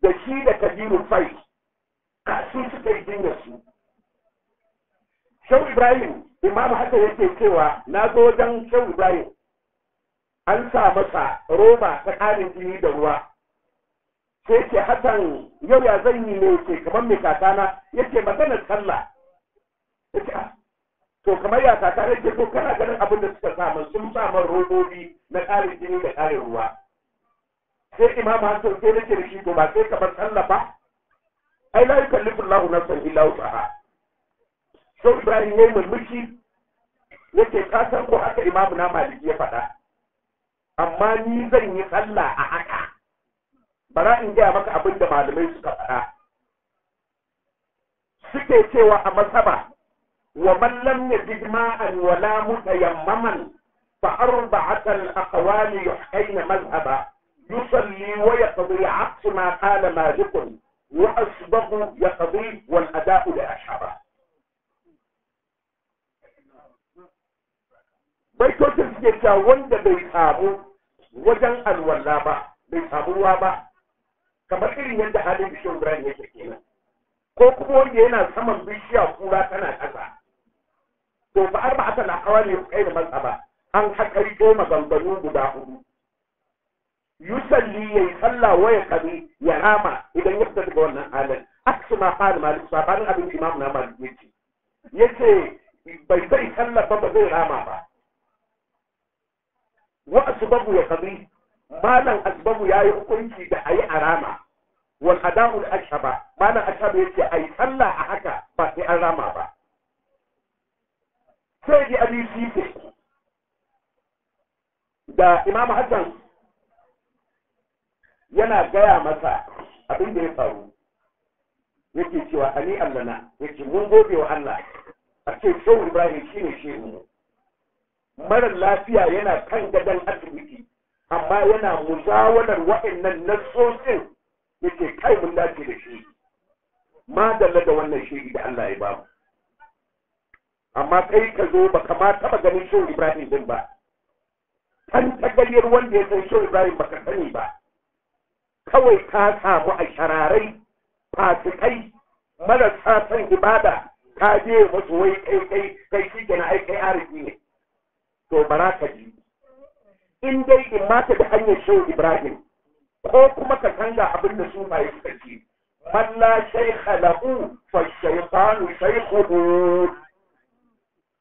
da shi da kabiru fai kasu suka yi dinga su shau ibrahim imamu hassan yake cewa na zo wajen shau ibrahim an sa masa roba tsakanin jini da ruwa sai ce hatan yau ya zan yi ne ce kamar mai kakana yake maganar sallah ah, to kamar ya kakana ke ko kana ganin abin da suka samu sun samu robobi na ƙarin jini da ƙarin ruwa sai imam hasan sai nake da shi to ba sai kamar sallah ba ai la yukallifu Allahu nafsan illa wus'aha so Ibrahim yayi mulmushi yake ka san ko haka imamu na maliki ya faɗa amma ni zan yi sallah a haka bara in gaya maka abin da malamai suka faɗa suke cewa a masaba wa man lam yajid ma'an wa la mutayammaman fa arba'at al aqwal yuhayna mazhaba yusalli wa yaqdi 'aks ma qala malik wa asbahu yaqdi wal ada'u li ashaba baitocin suke cewa wanda bai samu wajen alwala ba bai samu ba kamar irin yadda halin bishiyar birane yake kenan ko kuma wanda yana saman bishiya kura tana kasa. to ba arba aka na kawa ne kai da matsa ba an haƙari ko maganganu guda hudu yusalli yi sallah waya kadi ya rama idan ya fita daga wannan halin ce ma fa'al malik sabanin abin imam na malik yace yace bai zai sallah ba ba zai rama ba wa asbabu ya kadi malam asbabu ya yi hukunci da a yi a rama wal ada'ul ashaba malam ashaba yace ayi sallah a haka ba sai an rama ba sai ji abi sike da imam hassan yana gaya masa abin da ya faru yake cewa ani allana yake mun gobe wa Allah a ce shehu ibrahim shine shehu mara lafiya yana kan gadon asibiti amma yana musawalar wa'annan nassosin yake kai mun dace da shi ma da wannan shiri da Allah ya ba mu amma kai ka zo ba ma taba ganin shi Ibrahim din ba kan wanda ya san shi Ibrahim ka sani ba kawai ka samu a shararai fasikai marasa san ibada ka je wasu wai kai kai kai shi kenan ai kai arziki ne to bara ka ji in dai in mata da hanyar shehu ibrahim ko kuma ka canza abin da su mai suka ce man la shaykha lahu fa shaytanu shaykhuhu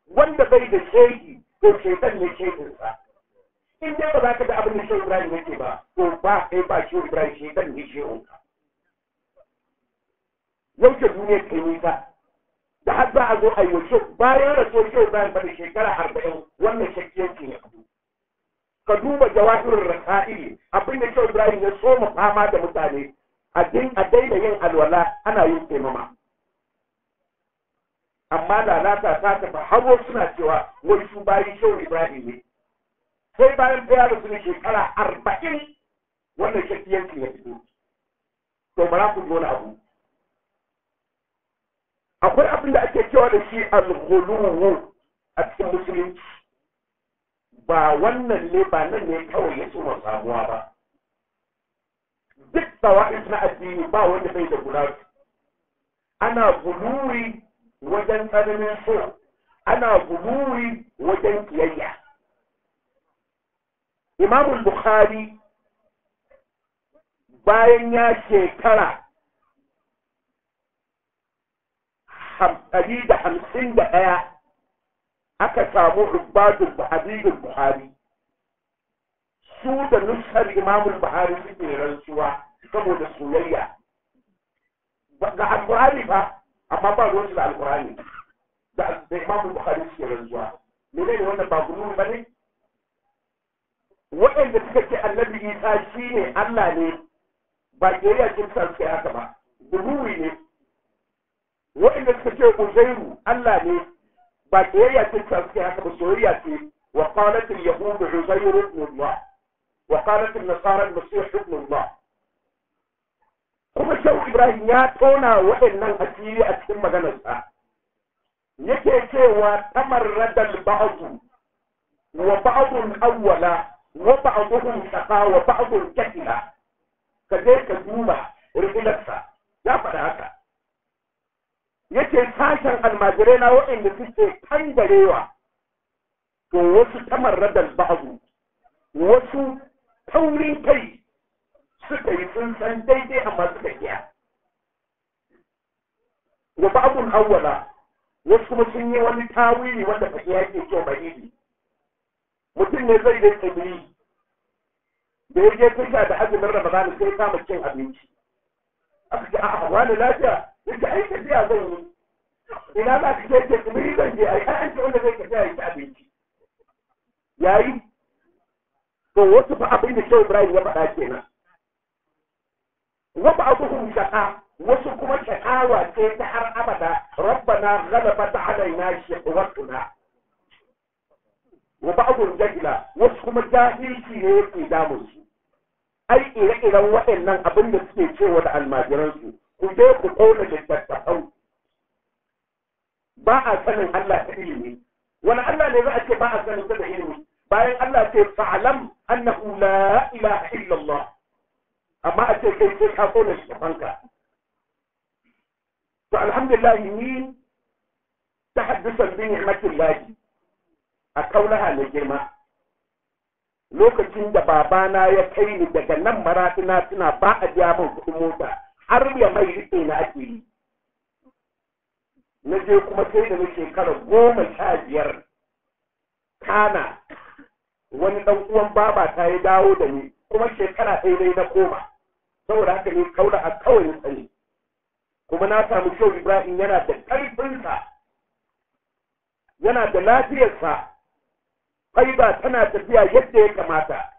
wanda bai da shehi to shaytan ne shehin sa in dai ba za ka ga abin da shehu ibrahim yake ba to ba kai ba shehu ibrahim shaytan ne shehu ka yauke duniyar yi ka? da har za a zo a yi bayan rasuwar shehu ibrahim ba da shekara arba'in wannan ke ne ka duba jawahirin rasa'ili abin da kyau Ibrahim ya soma fama da mutane a daina yin alwala ana yin taimama amma lalata ta tafi hawo suna cewa wai su bayi kyau Ibrahim ne sai bayan da da su ne shekara arba'in wannan shakiyanci ya fito to bara ku zo abu akwai abin da ake cewa da shi al a cikin musulunci ba wannan ne ba nan ne kawai ya wasu samuwa ba duk wa'in na addini ba wanda bai da guda ana guluri wajen tsananin so ana guluri wajen kiyayya imamul bukhari bayan ya shekara ɗari da hamsin da ɗaya aka samu rubatun habibul buhari su da nusar imamul buhari suke rantsuwa saboda soyayya ga alkurani ba amma ba ruwan da alkurani da imamul buhari suke rantsuwa mene ne wannan ba gurur ba ne waɗanda suka ce annabi isa shi ne allah ne ba ƙeriya kirista suke haka ba gururi ne waɗanda suka ce uzairu allah ne ba soyayya ce ta suke haka ba soyayya ce wa qalat al yahud uzair ibn Allah wa qalat al nasara al masih ibn Allah kuma shau ibrahim ya tona waɗannan asiri a cikin maganarsa yake cewa tamarradal ba'du wa ba'dun awwala wa ba'duhum taqa wa ba'dun katila ka je ka duba rikilarsa ya faɗa haka yake sashen almajirai na waɗanda suke kangarewa to wasu tamarradar ba'azu wasu taurin kai suka yi sun san daidai amma suka kiya wa ba'dun awwala wasu kuma sun yi wani tawili wanda ke kyau bari ne mutum ne zai da tsibiri da ya je tasha da azumin ramadana sai kama cin abinci aka ce a'a wani lafiya da ai tafiya zan yi ina za ka je teku ni zan je ai an ce wanda zai tafiya ya ci abinci yayi to wasu fa abin da Shehu Ibrahim ya faɗa kenan wa ba'dhum shaqa wasu kuma sha'awa ce ta har abada rabbana ghalabat alaina shiqwatuna wa ba'dhum jahila wasu kuma jahilci ne yake damun su ai ire-iren waɗannan abin da suke cewa da almajiransu ku je ku kona hau ba a sanin Allah da ilimi wani Allah ne za a ce ba a sanin da ilimi bayan Allah ce fa'alam annahu la ilaha illallah amma a ce kai sai ka kona littattafanka to alhamdulillah ni ta tahaddusan bi laji a kaulaha ne girma lokacin da babana ya kai ni daga nan maratina suna ba a biya min kuɗin mota har ya mai riƙe na ake yi na je kuma sai da na shekara goma sha biyar kana wani ɗan uwan baba ta yi dawo da ni kuma shekara ɗaya dai na koma saboda haka ne kaura a kawai tsani kuma na samu kyau ibrahim yana da ƙarfinsa yana da lafiyarsa ba tana tafiya yadda ya kamata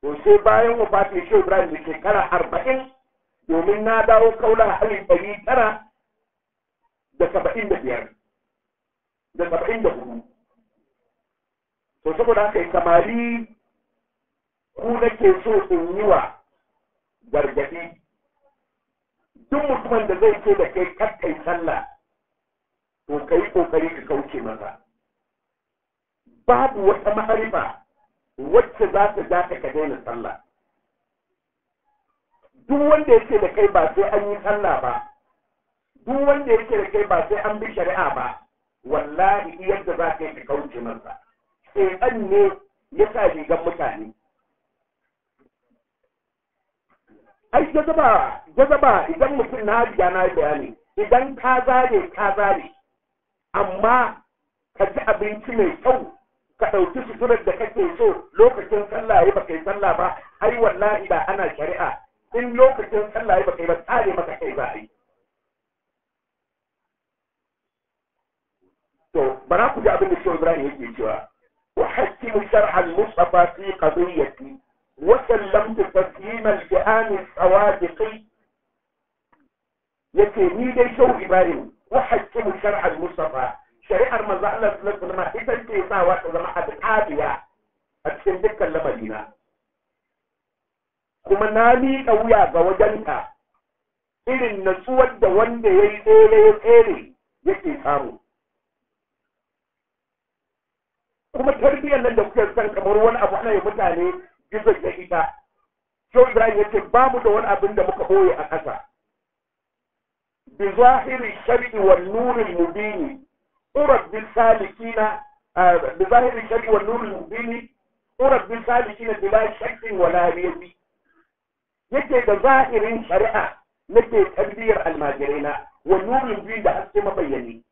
to sai bayan wafatin shehu ibrahim da shekara arba'in domin na dawo kaula a alif ɗari tara da saba'in da biyar da saba'in da hudu to saboda haka kamari ku nake so in yi wa gargaɗi duk mutumin da zai ce da kai kakkai sallah to ka yi ƙoƙari ka kauce masa babu wata ma'arifa wacce za ta ja ka daina sallah duk wanda yake da kai ba sai an yi sallah ba duk wanda yake da kai ba sai an bi shari'a ba wallahi yadda za ka yi kauce masa sai an ne ya sa rigar mutane ai jazaba jazaba idan mutum na riga na bayani idan ka zare ka zare amma ka ci abinci mai kyau ka ɗauki suturar da kake so lokacin sallah ya baka yi sallah ba ai wallahi da ana shari'a in lokacin sallah ya baka yi ba tsare maka kai za a yi to bara ku ji abin da Shehu Ibrahim yake cewa wa hakimu sharh al-Mustafa fi qadiyati wa sallamtu taslima al-Qur'an al-sawadiqi yake ni dai Shehu Ibrahim wa hakimu sharh al-Mustafa shari'ar manzo Allah sallallahu alaihi wasallam ita ce sawa ta zama al-adiya a cikin dukkan lamarina kuma na miƙa wuya ga wajenka irin natsuwar da wanda ya yi tsere ya tsere yake samu kuma tarbiyyar nan da kuke san kamar wani abu ana yi mutane gizo da ita Joe Ibrahim yake ba mu da wani abin da muka boye a ƙasa. Bi zahiri shari'i wa nurin mubini, urar bin salikina, bi zahiri shari'i wa nurin mubini, urar bin salikina bi la shakkin wa lahiyati. yake da zahirin shari'a nake tarbiyyar almajirina wa nurin biyu da haske mabayyani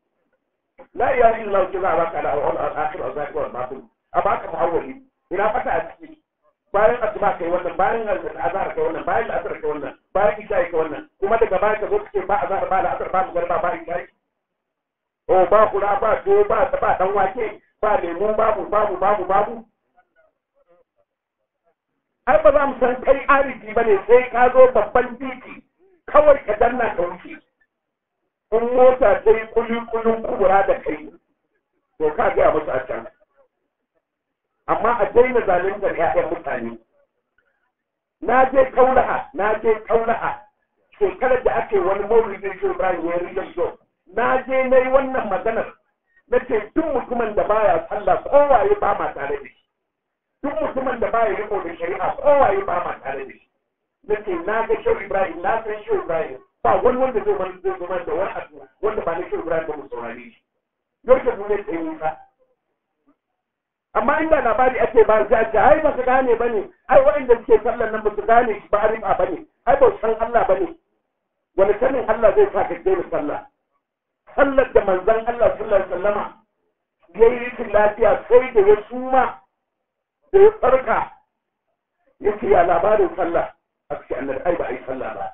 la ilaha illa ki za a baka al'awal al'akhir al-zahir wal batin a baka muhawwali ina fata a ciki bayan asuba kai wannan bayan azhar kai wannan bayan asar kai wannan bayan isha kai wannan kuma daga baya ka zo kike ba azhar ba al'asar ba magriba ba isha o oh, ba kula ba to ba ba dan wake ba lemu babu babu babu babu ai ba za mu san kai arziki ba ne sai ka zo babban titi kawai ka danna ka wuce in mota yi kulin-kulin kubura da kai to ka gaya musu a can amma a daina zaluntar ya'yan mutane na je kaulaha na je kaulaha shekarar da ake wani da shi Ibrahim ya rigar zo na je na yi wannan maganar na ce mutumin da baya sallah kowaye ba ma tare da shi duk mutumin da baya riko da shari'a kowaye ba ma tare da shi ce na ga shi ibrahim na san shi ibrahim ba wani wanda zai wani zai zama da wani abu wanda ba na shi ibrahim ba mu saurare shi yau ne duniya ta yi wuta amma inda labari ake ba za ta ai ba su gane ba ne ai waɗanda suke sallan nan ba su gane ba arifa ba ne ai ba san Allah ba ne wani sanin Allah zai sa ka daina sallah sallar da manzon Allah sallallahu alaihi wasallama yayi rikin lafiya sai da ya suma sai ya tsarka ya ya labarin sallah a cikin annabi ai ba a yi sallah ba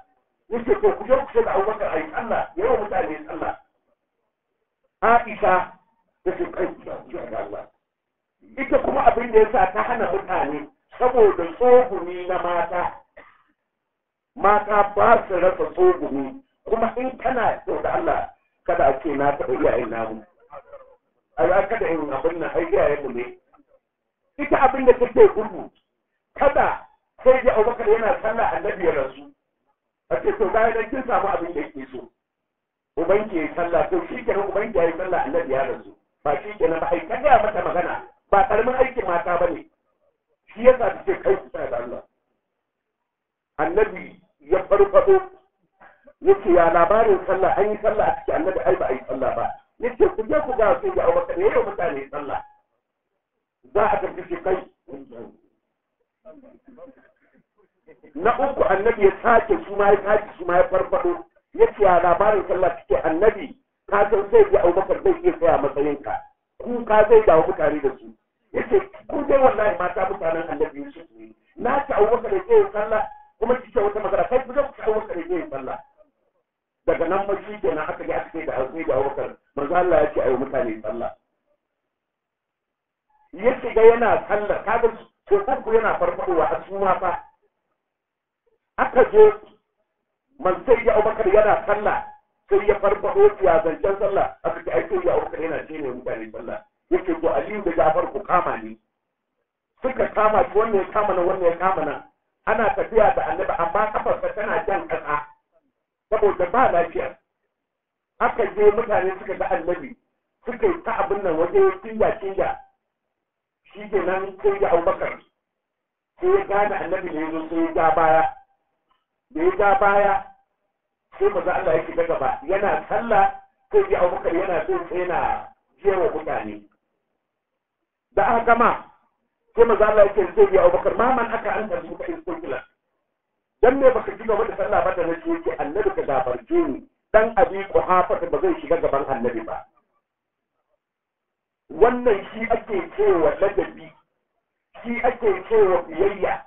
ya ce ko ku je ku ce da abubakar a yi sallah ya yi mutane sallah aisha ya ce kai ku da Allah ita kuma abin da ya sa ta hana mutane saboda tsogumi na mata mata ba su rasa tsogumi kuma in kana so da Allah kada a ce na taɓa iyayen namu a kada in abin na ai iyayen mu ne ita abin da take gudu kada sai da Abubakar yana sallah annabi ya rasu a ce to bayan kin samu abin da yake so ubanki ya sallah to shi kenan ubanki ya sallah annabi ya rasu ba shi kenan ba ai kada mata magana ba karamin aikin mata bane shi yasa take kai su da Allah annabi ya farfado yake ya labarin sallah an yi sallah a cikin annabi ai ba a yi sallah ba yake ku je ku ga su da Abubakar ya yau mutane sallah za a tafi kai na uku annabi ya sake su ma ya sake su ma ya farfado ya ce a labarin sallah cike annabi ka san sai ga abubakar zai iya tsaya matsayinka ku ka zai dawo mutane da su ya ce ku dai wallahi mata mutanen annabi su na ci abubakar ya tsaye sallah kuma ce wata magana kai ku zan ci abubakar ya sallah daga nan ma shi kenan aka ga aka ce da azumi da abubakar manzo Allah ya ce ayi mutane sallah ya shiga yana sallar kaga shekaru yana farfadowa a suma fa aka zo mansai ya abubakar yana sallah sai ya farfado ya zancen sallah aka ce aiki ya abubakar yana shi ne mutane sallah yake to aliyu da jafar ku kama ni suka kama shi wannan ya kama na wannan ya kama na ana tafiya da annabi amma kafarsa tana jan kasa saboda ba lafiya aka je mutane suka ga annabi suka yi ta abin nan waje cinya cinya shi ke nan sai da abubakar sai ya gane annabi ne ya zo sai ya ja baya da ya ja baya sai maza Allah ya daga gaba yana sallah sai ya abubakar yana so yana jewa mutane da aka gama sai maza Allah ya sai ya abubakar ma man aka an tarzu ka in kullu dan me baka gina wata sallah ba da nake yake annabi ka gafarce ni dan abi hafa ba zai shiga gaban annabi ba wannan shi ake cewa ladabi shi ake cewa biyayya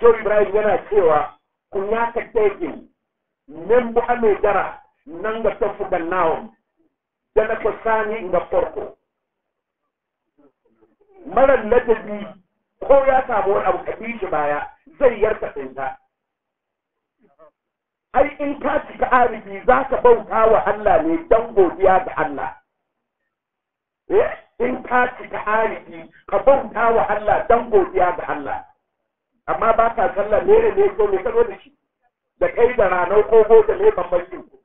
Shehu Ibrahim yana cewa kun ya ka teke nan bu ame dara nan ga tafi da nawon da na sani ga farko mara ladabi ko ya samu wani abu ka shi baya zai yarka tsinta ai in ka cika arziki za ka bauta wa Allah ne dan godiya ga Allah in ka cika hariki ka bauta wa Allah dan godiya ga Allah amma ba ka sallah ne ne ko ne kalo da shi da kai da ranar kogo da ne bambancin ku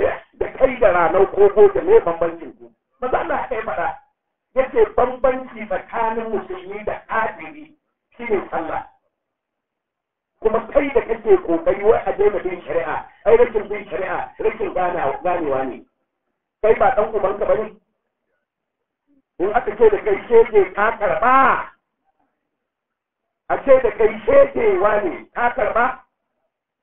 eh, da kai da ranar kogo da ne bambancin ku maza Allah ya mara yake bambanci tsakanin musulmi da kafiri shine sallah kuma kai da kake kokari wai a daina bin shari'a ai rashin bin shari'a rashin ganewa ne kai ba dan ubanka bane in aka ce da kai shege ka karba a ce da kai shegewa ne ka karba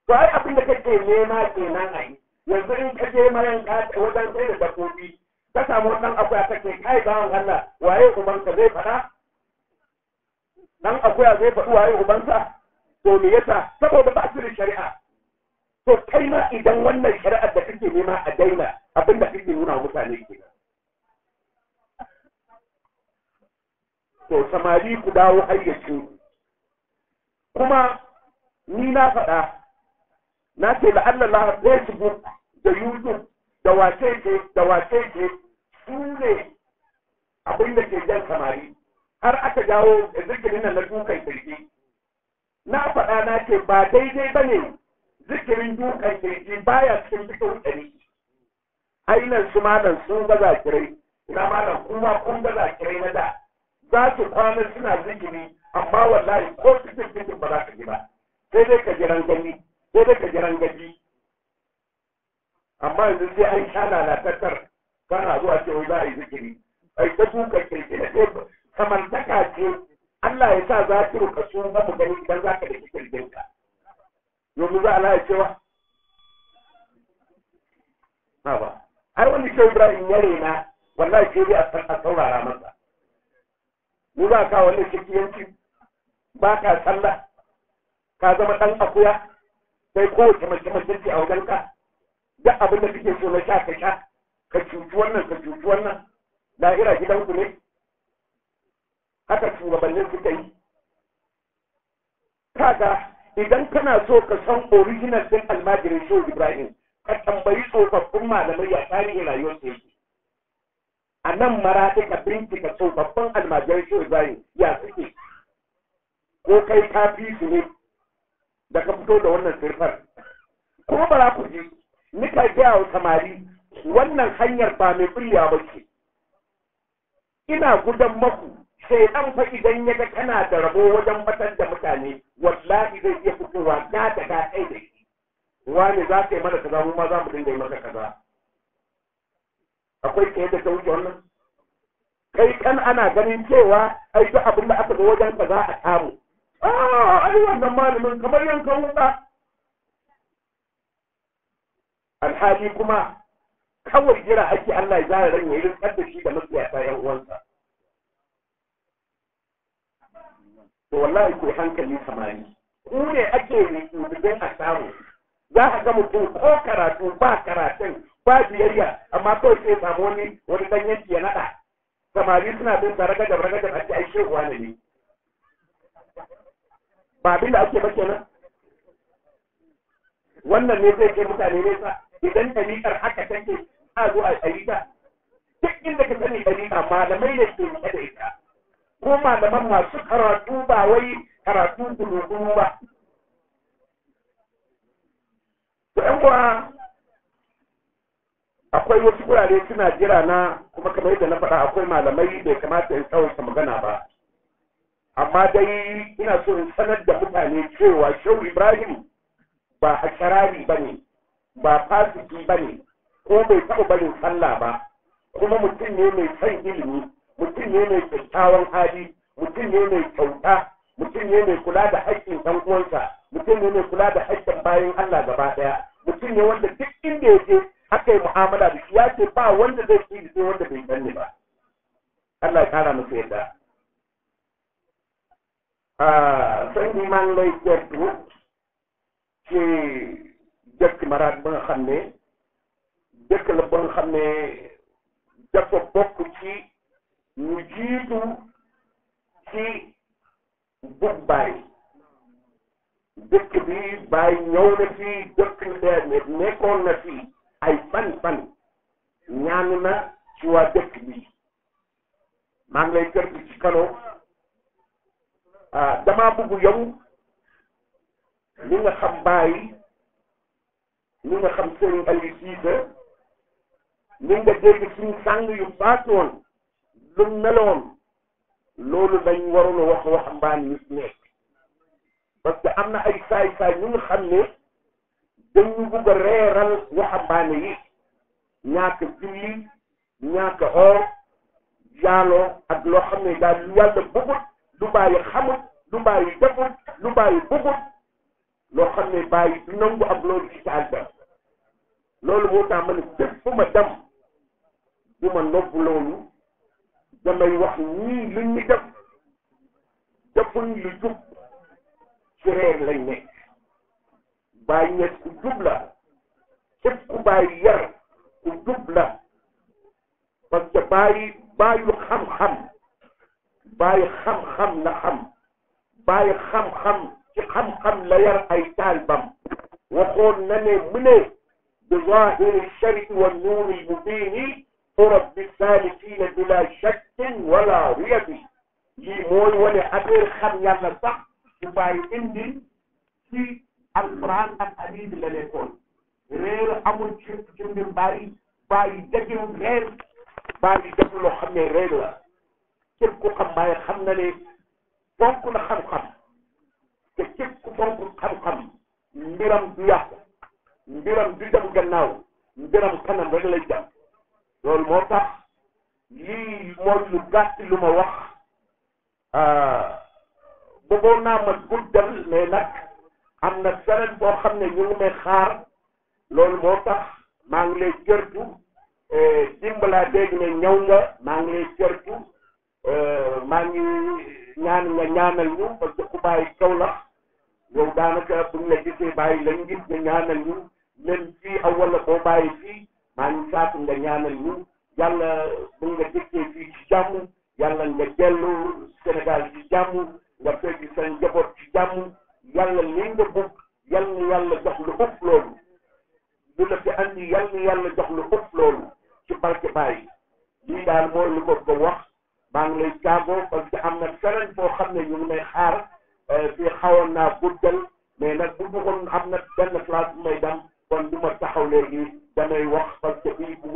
to ai abin da kake nema kenan ai yanzu in ka je maran ka wajen sai da dabbobi ka samu dan a kake kai bawan Allah waye ubanka zai fada dan akuya zai faɗi waye ubanka to me yasa saboda ba su da shari'a to kai ma idan wannan shari'ar da kake nema a daina abin da kake nuna mutane ke to samari ku dawo hayyacin kuma ni na faɗa na ce da Allah Facebook da YouTube da wace ce da wace ce su ne abin da ke jan samari har aka jawo zikirin nan na dukan kirki na faɗa na ce ba daidai ba ne zikirin dukan kirji baya cikin zikirin ɗari hainan su malam sun gaza kirai na malam kuma kun gaza kirai na da za su kwana suna zikiri amma wallahi ko su cikin ba za ka ji ba sai dai ka jiran gani sai dai ka jiran gaji amma yanzu sai an sha lalatattar kana zuwa cewa za a yi zikiri ai ta dukan kirji na ɗaya samantaka ce Allah ya sa za su ruka su mu gani idan za ka da kirjinka. yanzu za a lalacewa na ba har wani shehu ibrahim ya rena wallahi ke bi a saurara masa Ni za ka wannan yanki ba ka sallah ka zama ɗan akuya sai kowace mace mace a wajen ka duk abin da kake so na sha ka sha ka cuci wannan ka cuci wannan gidan ku ne haka shugabannin suka yi kaga idan kana so ka san original din almajirin shehu ibrahim ka tambayi tsofaffin malamai a tarihin rayuwarsa yake a nan mara ka bincika tsofaffin almajirin shehu ibrahim ya suke ko kai ka fi su ne da ka fito da wannan sirfar ko bara ku ji ka gaya wa samari wannan hanyar ba mai birya ba ce ina gudan maku an fa idan ya ga kana da rabo wajen batar da mutane wallahi zai iya fitowa ga ta ga kai da shi wani za ka yi mana kaza mu ma za mu dinga yi maka kaza akwai ke da ta wuce wannan kai kan ana ganin cewa ai duk abin da aka ga wajen kaza a samu ah ai wannan malamin kamar yanka wuka alhali kuma kawai jira ake Allah ya zara ran ya da shi da mafiya ta 'yan uwansa to wallahi ko hankali samari ku ne ake rubutun a samu za ka ga mutum ko karatu ba karatun ba biyayya amma kawai sai samu wani wani ya naɗa samari suna bin sa ragaja ragaja a ake ai shehuwa ne ba abin da ake ba kenan wannan ne zai kai mutane nesa idan ɗabi'ar haka take a zo a ɗabi'a duk inda ka sani ɗabi'a malamai ne ke da ita kuma da ban masu karatu ba wai karatu kulubun ba to yan kuwa akwai wasu wurare suna jira na kuma kamar yadda na faɗa akwai malamai bai kamata tsawon tsawaita magana ba amma dai ina so in sanar da mutane cewa shehu ibrahim ba hasharari ba ne ba fasiki ba ne ko bai taɓa barin sallah ba kuma mutum ne mai son ilimi mutum ne mai kyakkyawan hali mutum ne mai kyauta mutum ne mai kula da haƙƙin ɗan uwansa mutum ne mai kula da haƙƙin bayan Allah gaba ɗaya mutum ne wanda duk inda yake aka yi mu'amala da shi ya ce ba wanda zai fi da wanda bai san ba Allah ya kara masa yadda ah sëñ man laifiyar gertu ke jëkk marat ba nga xam ne la ba nga dafa bokku ci wujidu ci bubbari dëkk bi bàyyi ñëw na fi dëkk nekkoon na fi ay fan fan ñaanu ci waa dëkk bi maa ngi ci kano ah damaa bëgg yow li nga xam bàyyi li nga xam nga yu lu meloon loolu lañ waroon a wax waxambaane yi nekk parce que am na ay saay saay ñu nga xam ne dañu bugg a reeral waxambaane yi ñaaka julli ñaaka or jaaloo ak loo xam ne daal lu yàlla bëggut lu bàyyi xamut lu bàyyi defut lu bàyyi bëggut loo xam ne bàyyi du nangu ak loolu ci saal ba loolu moo tax ma ne fépp fu ma dem du ma nopp loolu damay wax ñii lu ñu def defuñ lu jub ci reer lañ nekk bàyyi ñett ku jub la képp ku bàyyi yar ku jub la parce que bàyyi bàyyu xam-xam bàyyi xam-xam la xam bàyyi xam-xam ci xam-xam la yar ay taalibam waxoon na ne mu ne bi zahiri shari wa nuuri mubiini طرق للسالكين بلا شك ولا ريب lii mooy wane affaire xam yàlla sax bu bàyyi indi ci alquran ak hadith la nekkoon réer amul ci ci mbir bàyyi bàyyi dajul réer bàyyi def loo xam ne réer la képp ku xam bàyyi xam na ne fonk na xam-xam te képp ku fonk xam-xam mbiram du yàqu mbiram du dem gannaaw loolu moo tax lii mooy lu gàtt lu ma wax ah, bëggoon naa ma guddal mais nag am na semaine boo xam ne ñu ngi may xaar loolu moo tax maa ngi lay jërtu eh, dimbalaa dégg ne ñëw nga maa ngi lay jërtu eh, maa ngi ñaan nga ñaanal ñu ba que ku bàyyi kaw la yow daanaka bu ñu la gisee bàyyi lañ gis nga ñaanal ñu même fii aw wala boo bàyyi fii maa ngi saatu nga ñaanal ñu yàlla bu nga dëkkee fii ci jàmm yàlla nga dellu Sénégal ci jàmm nga fekk sa njaboot ci jàmm yàlla li nga bëgg yàlla yàlla jox lu ëpp loolu lu la fi andi yàlla na yàlla jox lu ëpp loolu ci barke bàyyi lii daal mooy lu ko ko wax maa ngi lay tàggoo parce que am na feneen boo xam ne ñu ngi may xaar euh, fii xawoon naa guddal mais nag bu bëggoon am na benn place bu may dem kon du ma taxaw léegi damay wax parce que fii bu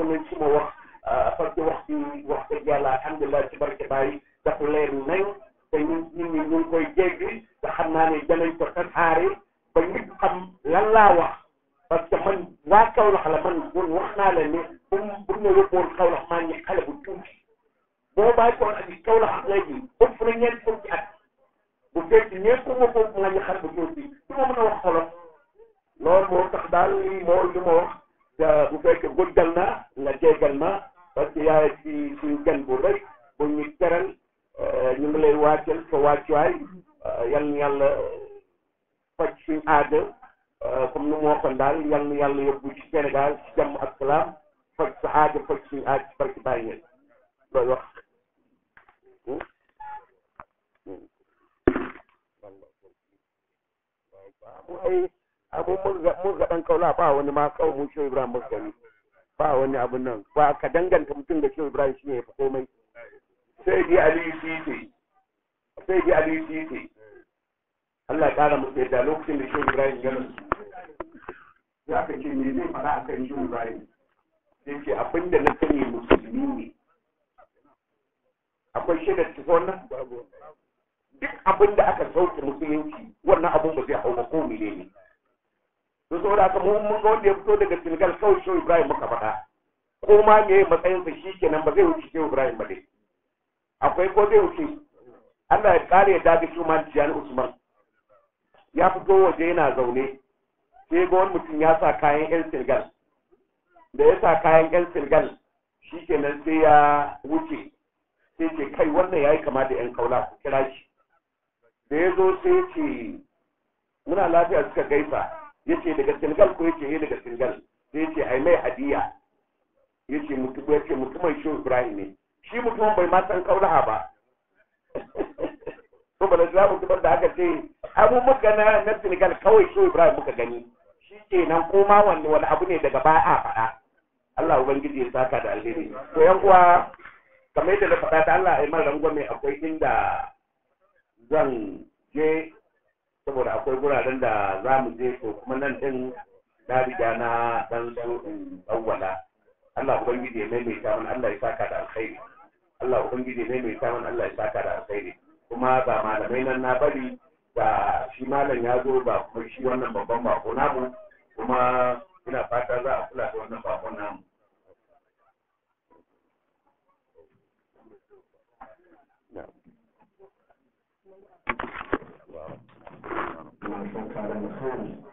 ma me matsayin sa shikenan ba zai wuce Shehu Ibrahim ba akwai ko zai wuce Allah ya kare ya dage ma Jiyan Usman ya fito waje yana zaune sai ga wani mutum ya sa kayan ƴan Senegal da ya sa kayan yan Senegal shikenan sai ya wuce sai ce kai wannan yayi kama da ƴan kaula ku kira shi da ya zo sai ce muna lafiya suka gaisa yace daga Senegal ko yace eh daga Senegal sai yace ai mai hadiya yace mutum yace mutumin shi Ibrahim ne shi mutumin bai ma san kaulaha ba to bala za mutumin da aka ce abubuwa na na Senegal kawai shi Ibrahim muka gani shi ke nan koma wani wani abu ne daga baya a faɗa Allah ubangiji ya saka da alheri to yan uwa kamar yadda na faɗa da Allah ya mara mai akwai inda zan je saboda akwai guraren da za mu je ko kuma nan din na riga na dan so in tsawwala Allah ubangiji ya maimaita mana Allah ya saka da alkhairi Allah ubangiji ya maimaita mana Allah ya saka da alkhairi kuma ba malamai nan na bari ba shi malam ya zo ba kuma shi wannan babban bako namu kuma ina fata za a kula da wannan bakon namu Thank you.